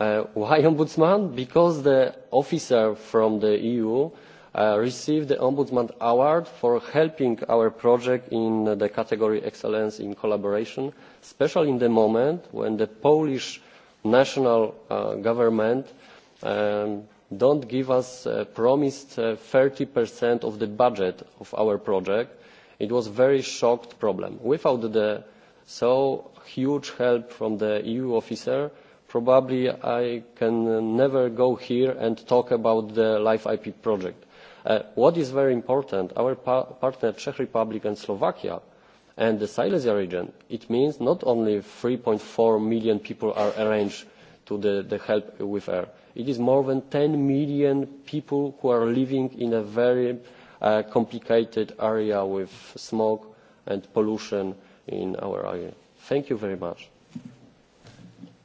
Uh, why ombudsman? Because the officer from the EU uh, received the Ombudsman Award for helping our project in the category Excellence in Collaboration, especially in the moment when the Polish national uh, government um, does not give us the uh, promised thirty of the budget of our project. It was a very shocking problem. Without the so huge help from the EU officer, probably I can uh, never go here and talk about the Life IP project. Uh, what is very important, our pa partner Czech Republic and Slovakia and the Silesia region, it means not only 3.4 million people are arranged to the, help with air. It is more than 10 million people who are living in a very uh, complicated area with smog and pollution in our area. Thank you very much.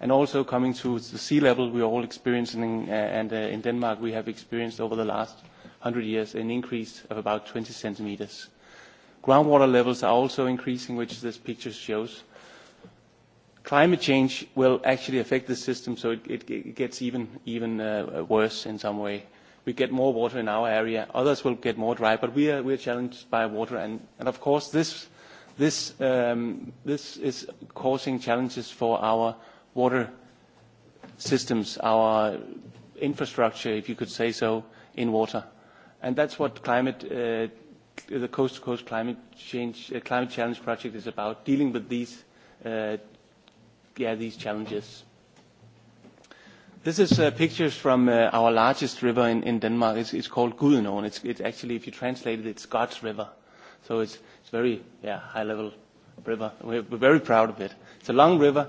And also coming to the sea level, we are all experiencing, uh, and uh, in Denmark, we have experienced over the last 100 years an increase of about 20 centimeters. Groundwater levels are also increasing, which this picture shows. Climate change will actually affect the system, so it, gets even, uh, worse in some way. We get more water in our area. Others will get more dry, but we are, challenged by water. And, of course, um, this is causing challenges for our water systems, our infrastructure, if you could say so, in water. And that's what climate, uh, the Coast to Coast Climate Change uh, Climate Challenge project is about, dealing with these, uh, yeah, these challenges. This is pictures from our largest river in, Denmark. It's, called Gudenåen. It's, it's actually, if you translate it, it's God's river. So it's, very yeah, high-level river. we're very proud of it. It's a long river,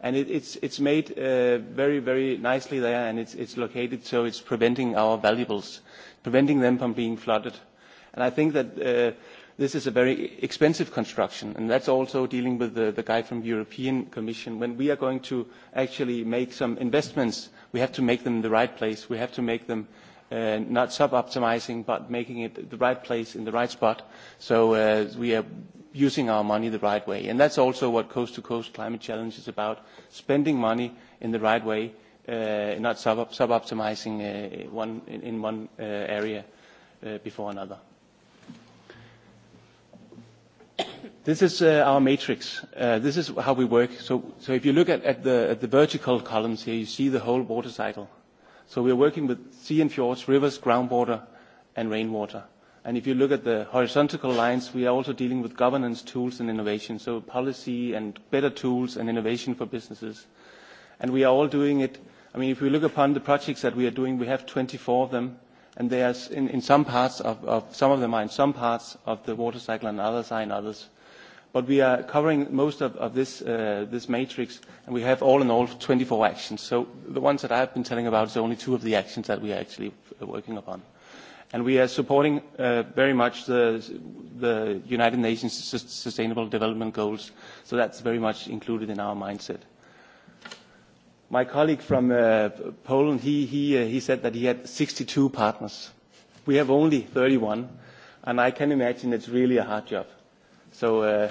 and it's, it's made uh, very, very nicely there, and it's, it's located so it's preventing our valuables, preventing them from being flooded. And I think that uh, this is a very expensive construction, and that's also dealing with the, the guy from the European Commission. When we are going to actually make some investments, we have to make them in the right place. We have to make them uh, Uh, not sub-optimizing, but making it the right place in the right spot. So uh, we are using our money the right way. And that's also what Coast to Coast Climate Challenge is about, spending money in the right way, uh, not sub-optimizing one, in, one area before another. This is our matrix. this is how we work. So, if you look at the vertical columns here, you see the whole water cycle. So we are working with sea and fjords, rivers, groundwater, and rainwater. And if you look at the horizontal lines, we are also dealing with governance tools and innovation, so policy and better tools and innovation for businesses. And we are all doing it. I mean, if we look upon the projects that we are doing, we have 24 of them, and they are in, in some parts of, of some of them are in some parts of the water cycle, and others are in others. But we are covering most of, uh, this, matrix, and we have all in all 24 actions. So the ones that I have been telling about is only two of the actions that we are actually uh, working upon. And we are supporting uh, very much the, United Nations Sustainable Development Goals, so that's very much included in our mindset. My colleague from Poland, he, said that he had 62 partners. We have only 31, and I can imagine it's really a hard job. So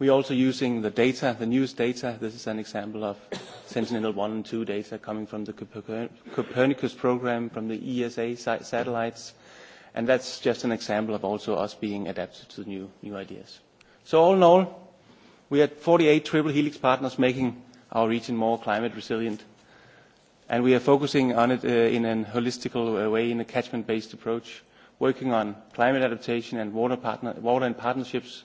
We're also using the data, the news data. This is an example of Sentinel-1 and 2 data coming from the Copernicus program, from the ESA satellites. And that's just an example of also us being adapted to new, ideas. So all in all, we had 48 triple helix partners making our region more climate resilient. And we are focusing on it uh, in a holistic uh, way, in a catchment-based approach, working on climate adaptation and water and partnerships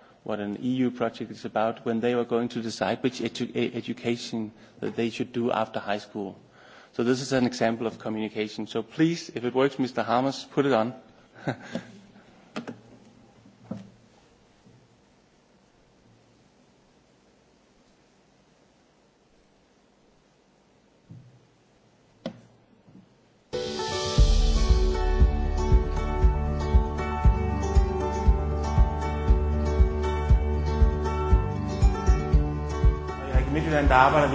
what an EU project is about when they are going to decide which edu e, education that they should do after high school. So this is an example of communication. So please, if it works, Mr. Harmers, put it on.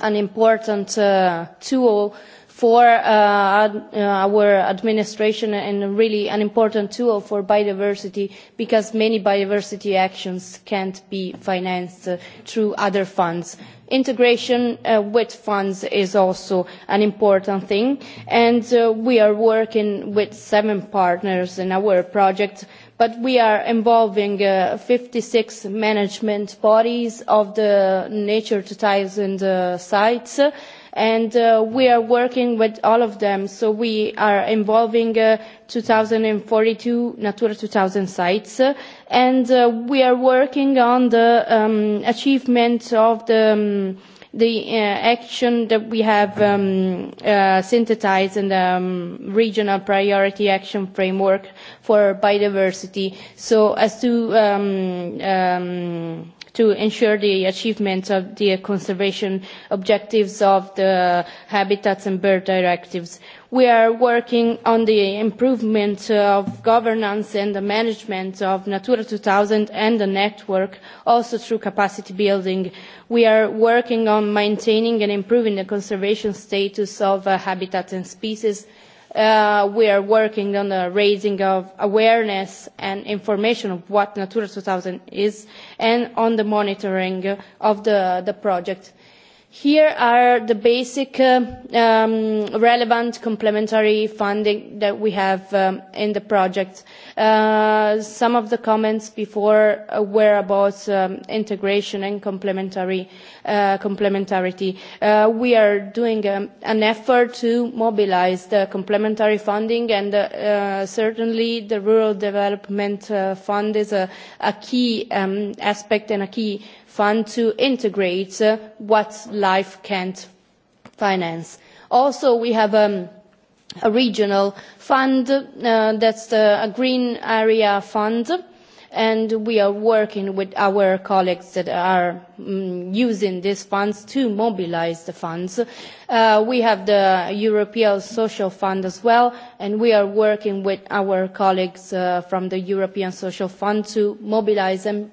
an important uh, tool for uh, uh, our administration and really an important tool for biodiversity because many biodiversity actions can't be financed uh, through other funds. Integration uh, with funds is also an important thing and uh, we are working with seven partners in our project but we are involving uh, 56 management bodies of the Nature 2000 uh, sites, and uh, we are working with all of them. So we are involving uh, 2,042 Natura 2000 sites, and uh, we are working on the um, achievement of the um, the uh, action that we have um, uh, synthesized in the um, regional priority action framework for biodiversity so as to um, um, to ensure the achievement of the conservation objectives of the habitats and bird directives we are working on the improvement of governance and the management of Natura 2000 and the network, also through capacity building. We are working on maintaining and improving the conservation status of uh, habitat and species. Uh, we are working on the raising of awareness and information of what Natura 2000 is and on the monitoring of the, the project Here are the basic uh, um, relevant complementary funding that we have um, in the project. Uh, some of the comments before uh, were about um, integration and complementary, uh, complementarity. Uh, we are doing um, an effort to mobilize the complementary funding and uh, uh, certainly the rural development uh, fund is a, a key um, aspect and a key uh, fund to integrate uh, what life can't finance. Also, we have um, a regional fund, uh, that's the, a green area fund, and we are working with our colleagues that are um, using these funds to mobilise the funds. Uh, we have the European Social Fund as well, and we are working with our colleagues uh, from the European Social Fund to mobilise and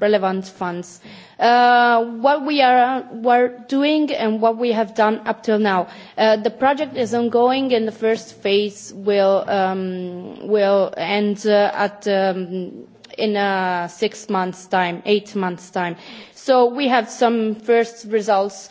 relevant funds. Uh, what we are doing and what we have done up till now. Uh, the project is ongoing and the first phase will, um, end uh, um, in six months' time, eight months' time. So we have some first results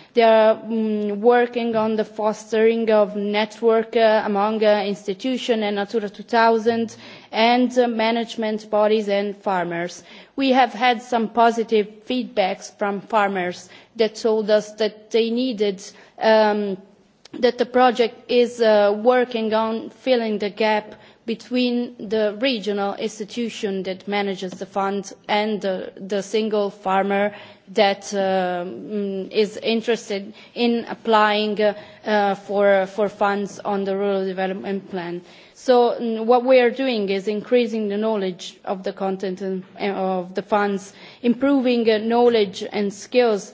They are um, mm, working on the fostering of network uh, among uh, institution and Natura 2000 and uh, management bodies and farmers. We have had some positive feedbacks from farmers that told us that they needed um, that the project is uh, working on filling the gap between the regional institution that manages the fund and the, the single farmer that uh, mm, is interested in applying uh, for, for funds on the rural development plan. So mm, what we are doing is increasing the knowledge of the content and, uh, of the funds, improving uh, knowledge and skills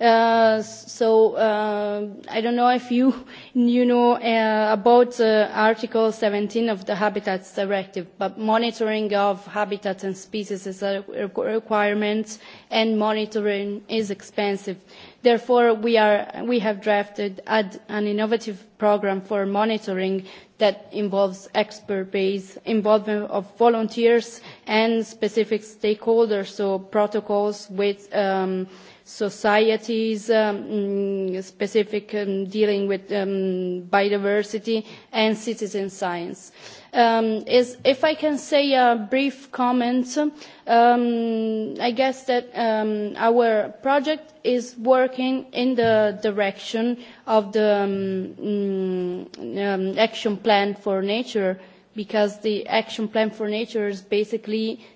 Uh, so uh, I don't know if you you know uh, about uh, Article 17 of the Habitats Directive, but monitoring of habitats and species is a requirement, and monitoring is expensive. Therefore, we, are, we have drafted ad, an innovative programme for monitoring that involves expert-based involvement of volunteers and specific stakeholders, so protocols with um, societies, um, mm, specific um, dealing with um, biodiversity and citizen science. Uh, um, is if I can say a brief comment, um, I guess that um, our project is working in the direction of the um, mm, um, action plan for nature because the action plan for nature is basically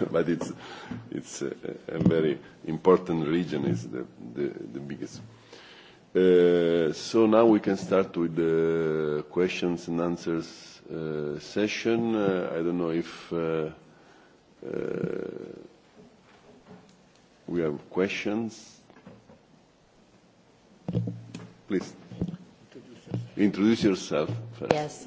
but it's, it's a, a very important region, is the, the, the biggest. Uh, so now we can start with the questions and answers uh, session. Uh, I don't know if uh, uh, we have questions. Please. Introduce yourself. First. Yes.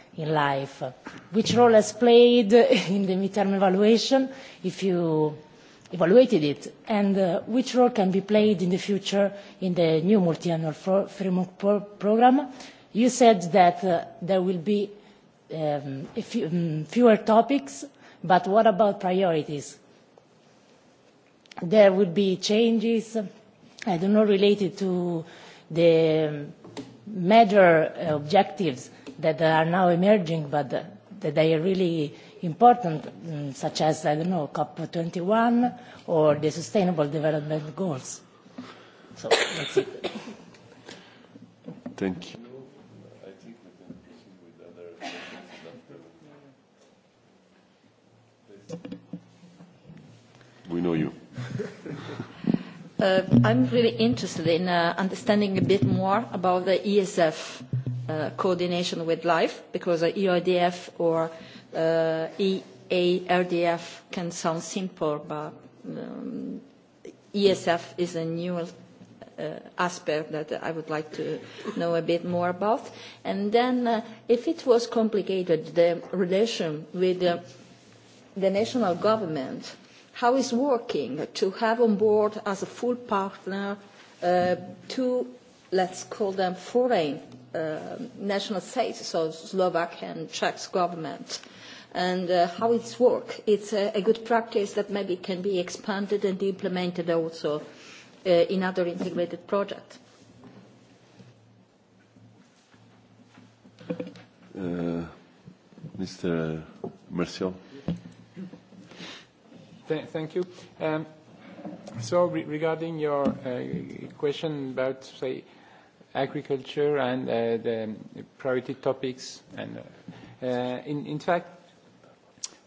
in life. Which role has played in the midterm evaluation, if you evaluated it, and uh, which role can be played in the future in the new multiannual framework programme? program? You said that uh, there will be um, mm, fewer topics, but what about priorities? There will be changes, I don't know, related to the major uh, objectives that are now emerging, but that they are really important, mm, such as, I don't know, COP21 or the Sustainable Development Goals. So that's it. Thank you. We know you. uh, I'm really interested in uh, understanding a bit more about the ESF Uh, coordination with life because EIDF or uh, EARDF can sound simple, but um, ESF is a new uh, aspect that I would like to know a bit more about. And then uh, if it was complicated, the relation with uh, the national government, how is working to have on board as a full partner uh, two, let's call them foreign Uh, national states, so Slovak and Czech government. And uh, how it's work, it's a, a good practice that maybe can be expanded and implemented also uh, in other integrated projects. Uh, Mr. Martial. Th thank you. Um, so re regarding your uh, question about, say, agriculture and uh, the priority topics. And uh, in, in fact,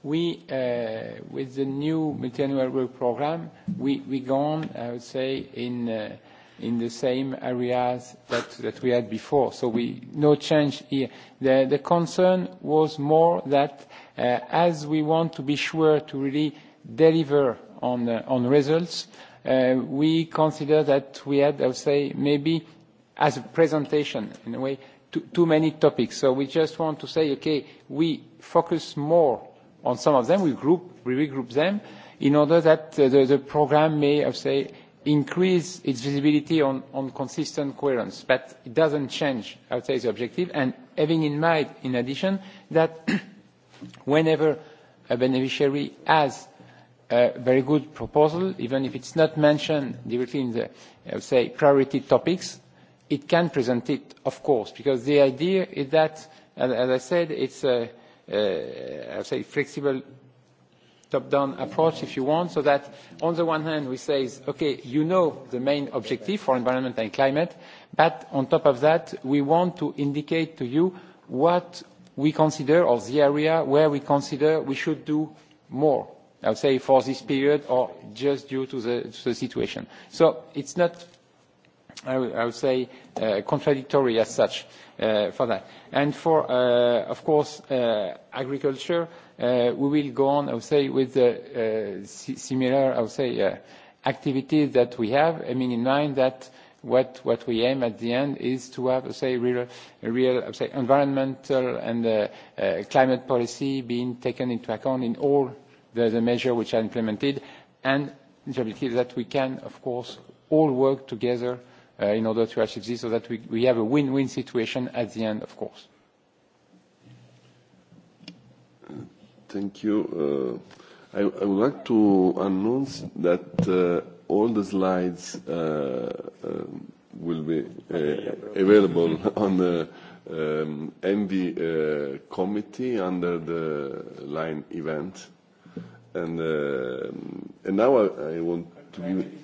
we, uh, with the new multi-annual work program, we, we gone, I would say, in, uh, in the same areas that, that we had before. So we, no change here. The, the concern was more that uh, as we want to be sure to really deliver on, uh, on results, uh, we consider that we had, I would say, maybe as a presentation, in a way, too, too many topics. So we just want to say, okay, we focus more on some of them. We group, we regroup them in order that uh, the, the program may, I say, increase its visibility on, on consistent coherence. But it doesn't change, I would say, the objective. And having in mind, in addition, that whenever a beneficiary has a very good proposal, even if it's not mentioned directly in the, I would say, priority topics, it can present it, of course, because the idea is that, as, I said, it's a, a I say flexible top-down approach, if you want, so that on the one hand we say, okay, you know the main objective for environment and climate, but on top of that we want to indicate to you what we consider or the area where we consider we should do more, I would say for this period or just due to the, to the situation. So it's not I would, say, uh, contradictory as such uh, for that. And for, uh, of course, agriculture, we will go on, I would say, with the similar, I would say, activities that we have, I mean, in mind that what, what we aim at the end is to have, I would say, real, real I would say, environmental and climate policy being taken into account in all the, the measures which are implemented, and the ability that we can, of course, all work together Uh, in order to achieve this so that we, we have a win-win situation at the end, of course. Thank you. Uh, I, I would like to announce that uh, all the slides uh, uh, will be uh, available on the um, MV uh, committee under the line event. And, uh, and now I, I want to give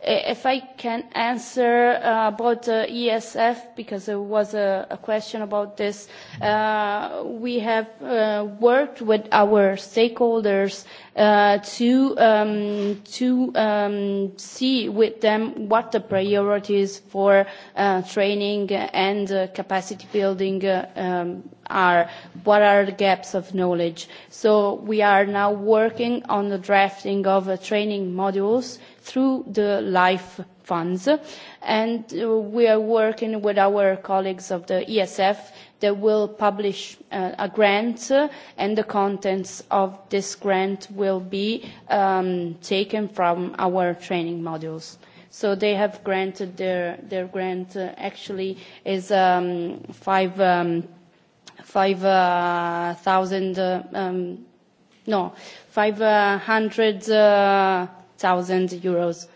If I can answer uh, about the ESF, because there was a, a question about this, uh, we have uh, worked with our stakeholders Uh, to um, to um, see with them what the priorities for uh, training and uh, capacity building uh, um, are, what are the gaps of knowledge. So we are now working on the drafting of uh, training modules through the life funds, and uh, we are working with our colleagues of the ESF they will publish uh, a grant uh, and the contents of this grant will be um, taken from our training modules. So they have granted their, their grant uh, actually is um, five, um, five uh, thousand, uh, um, no, five uh, hundred uh, thousand euros.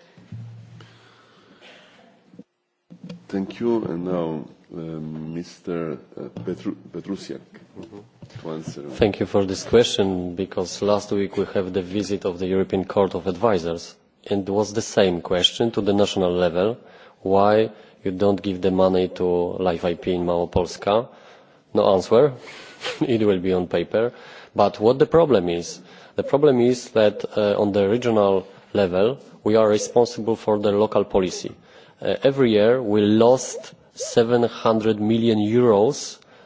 Thank you. And now Uh, Mr. Uh, Petrusiak to mm-hmm. answer. Thank you for this question, because last week we have the visit of the European Court of Advisors, and it was the same question to the national level, why you don't give the money to LIFE IP in Małopolska. No answer. it will be on paper. But what the problem is? The problem is that uh, on the regional level, we are responsible for the local policy. Uh, every year we lost 700 million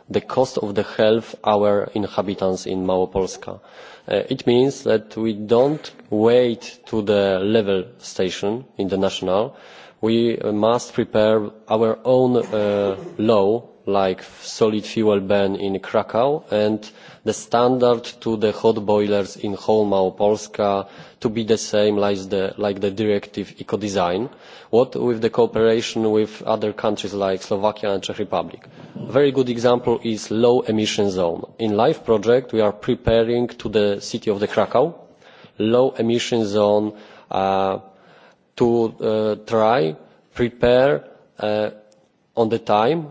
the cost of the health of our inhabitants in Małopolska. Uh, it means that we don't wait to the level station in the national. We must prepare our own uh, law, like solid fuel ban in Krakow and the standard to the hot boilers in whole małopolska to be the same like the, like the directive ecodesign what with the cooperation with other countries like slovakia and czech republic. a very good example is low emission zone. in life project we are preparing to the city of krakow low emission zone uh, to uh, try prepare uh, on the time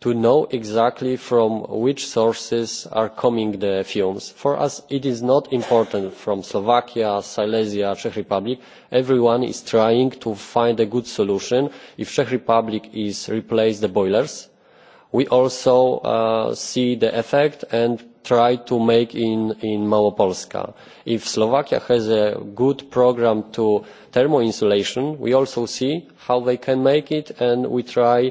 to know exactly from which sources are coming the fumes. for us it is not important from slovakia silesia or the czech republic. everyone is trying to find a good solution. if the czech republic replaces the boilers we also uh, see the effect and try to make it in małopolska. if slovakia has a good programme for thermo insulation we also see how they can make it and we try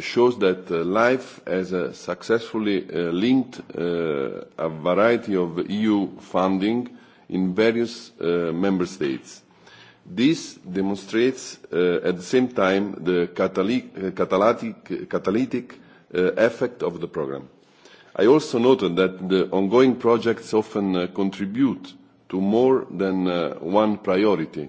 shows that uh, LIFE has uh, successfully uh, linked a variety of EU funding in various member states. This demonstrates at the same time the catalytic, catalytic effect of the programme. I also noted that the ongoing projects often contribute to more than one priority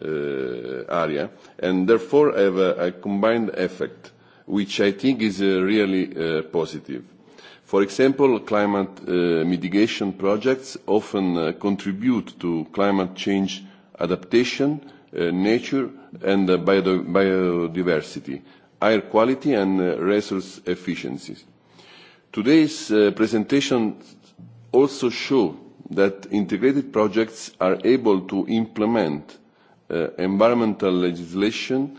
area and therefore have a combined effect which I think is uh, really uh, positive. For example, climate uh, mitigation projects often contribute to climate change adaptation, nature and biodiversity, air quality and resource efficiencies. Today's presentation also show that integrated projects are able to implement environmental legislation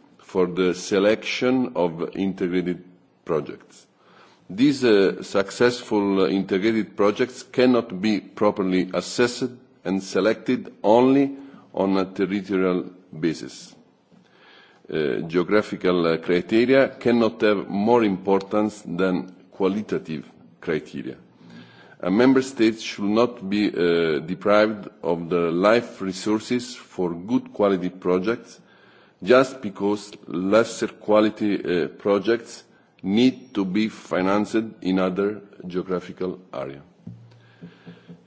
for the selection of integrated projects. These uh, successful uh, integrated projects cannot be properly assessed and selected only on a territorial basis. Uh, geographical criteria cannot have more importance than qualitative criteria. A member state should not be deprived of the life resources for good quality projects just because lesser quality uh, projects need to be financed in other geographical areas.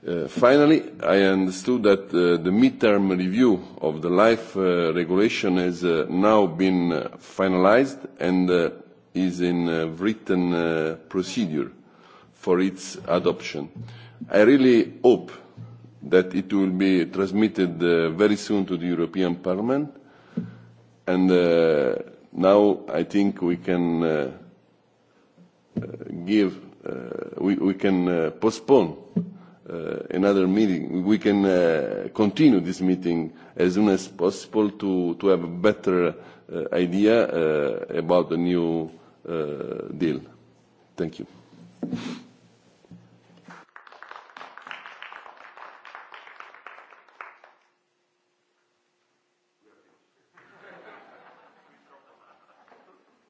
Uh, finally, I understood that uh, the midterm review of the life uh, regulation has uh, now been uh, finalized and uh, is in uh, written uh, procedure for its adoption. I really hope that it will be transmitted uh, very soon to the European Parliament And uh, now I think we can uh, uh, give, uh, we, we can uh, postpone uh, another meeting. We can uh, continue this meeting as soon as possible to, to have a better uh, idea uh, about the new uh, deal. Thank you.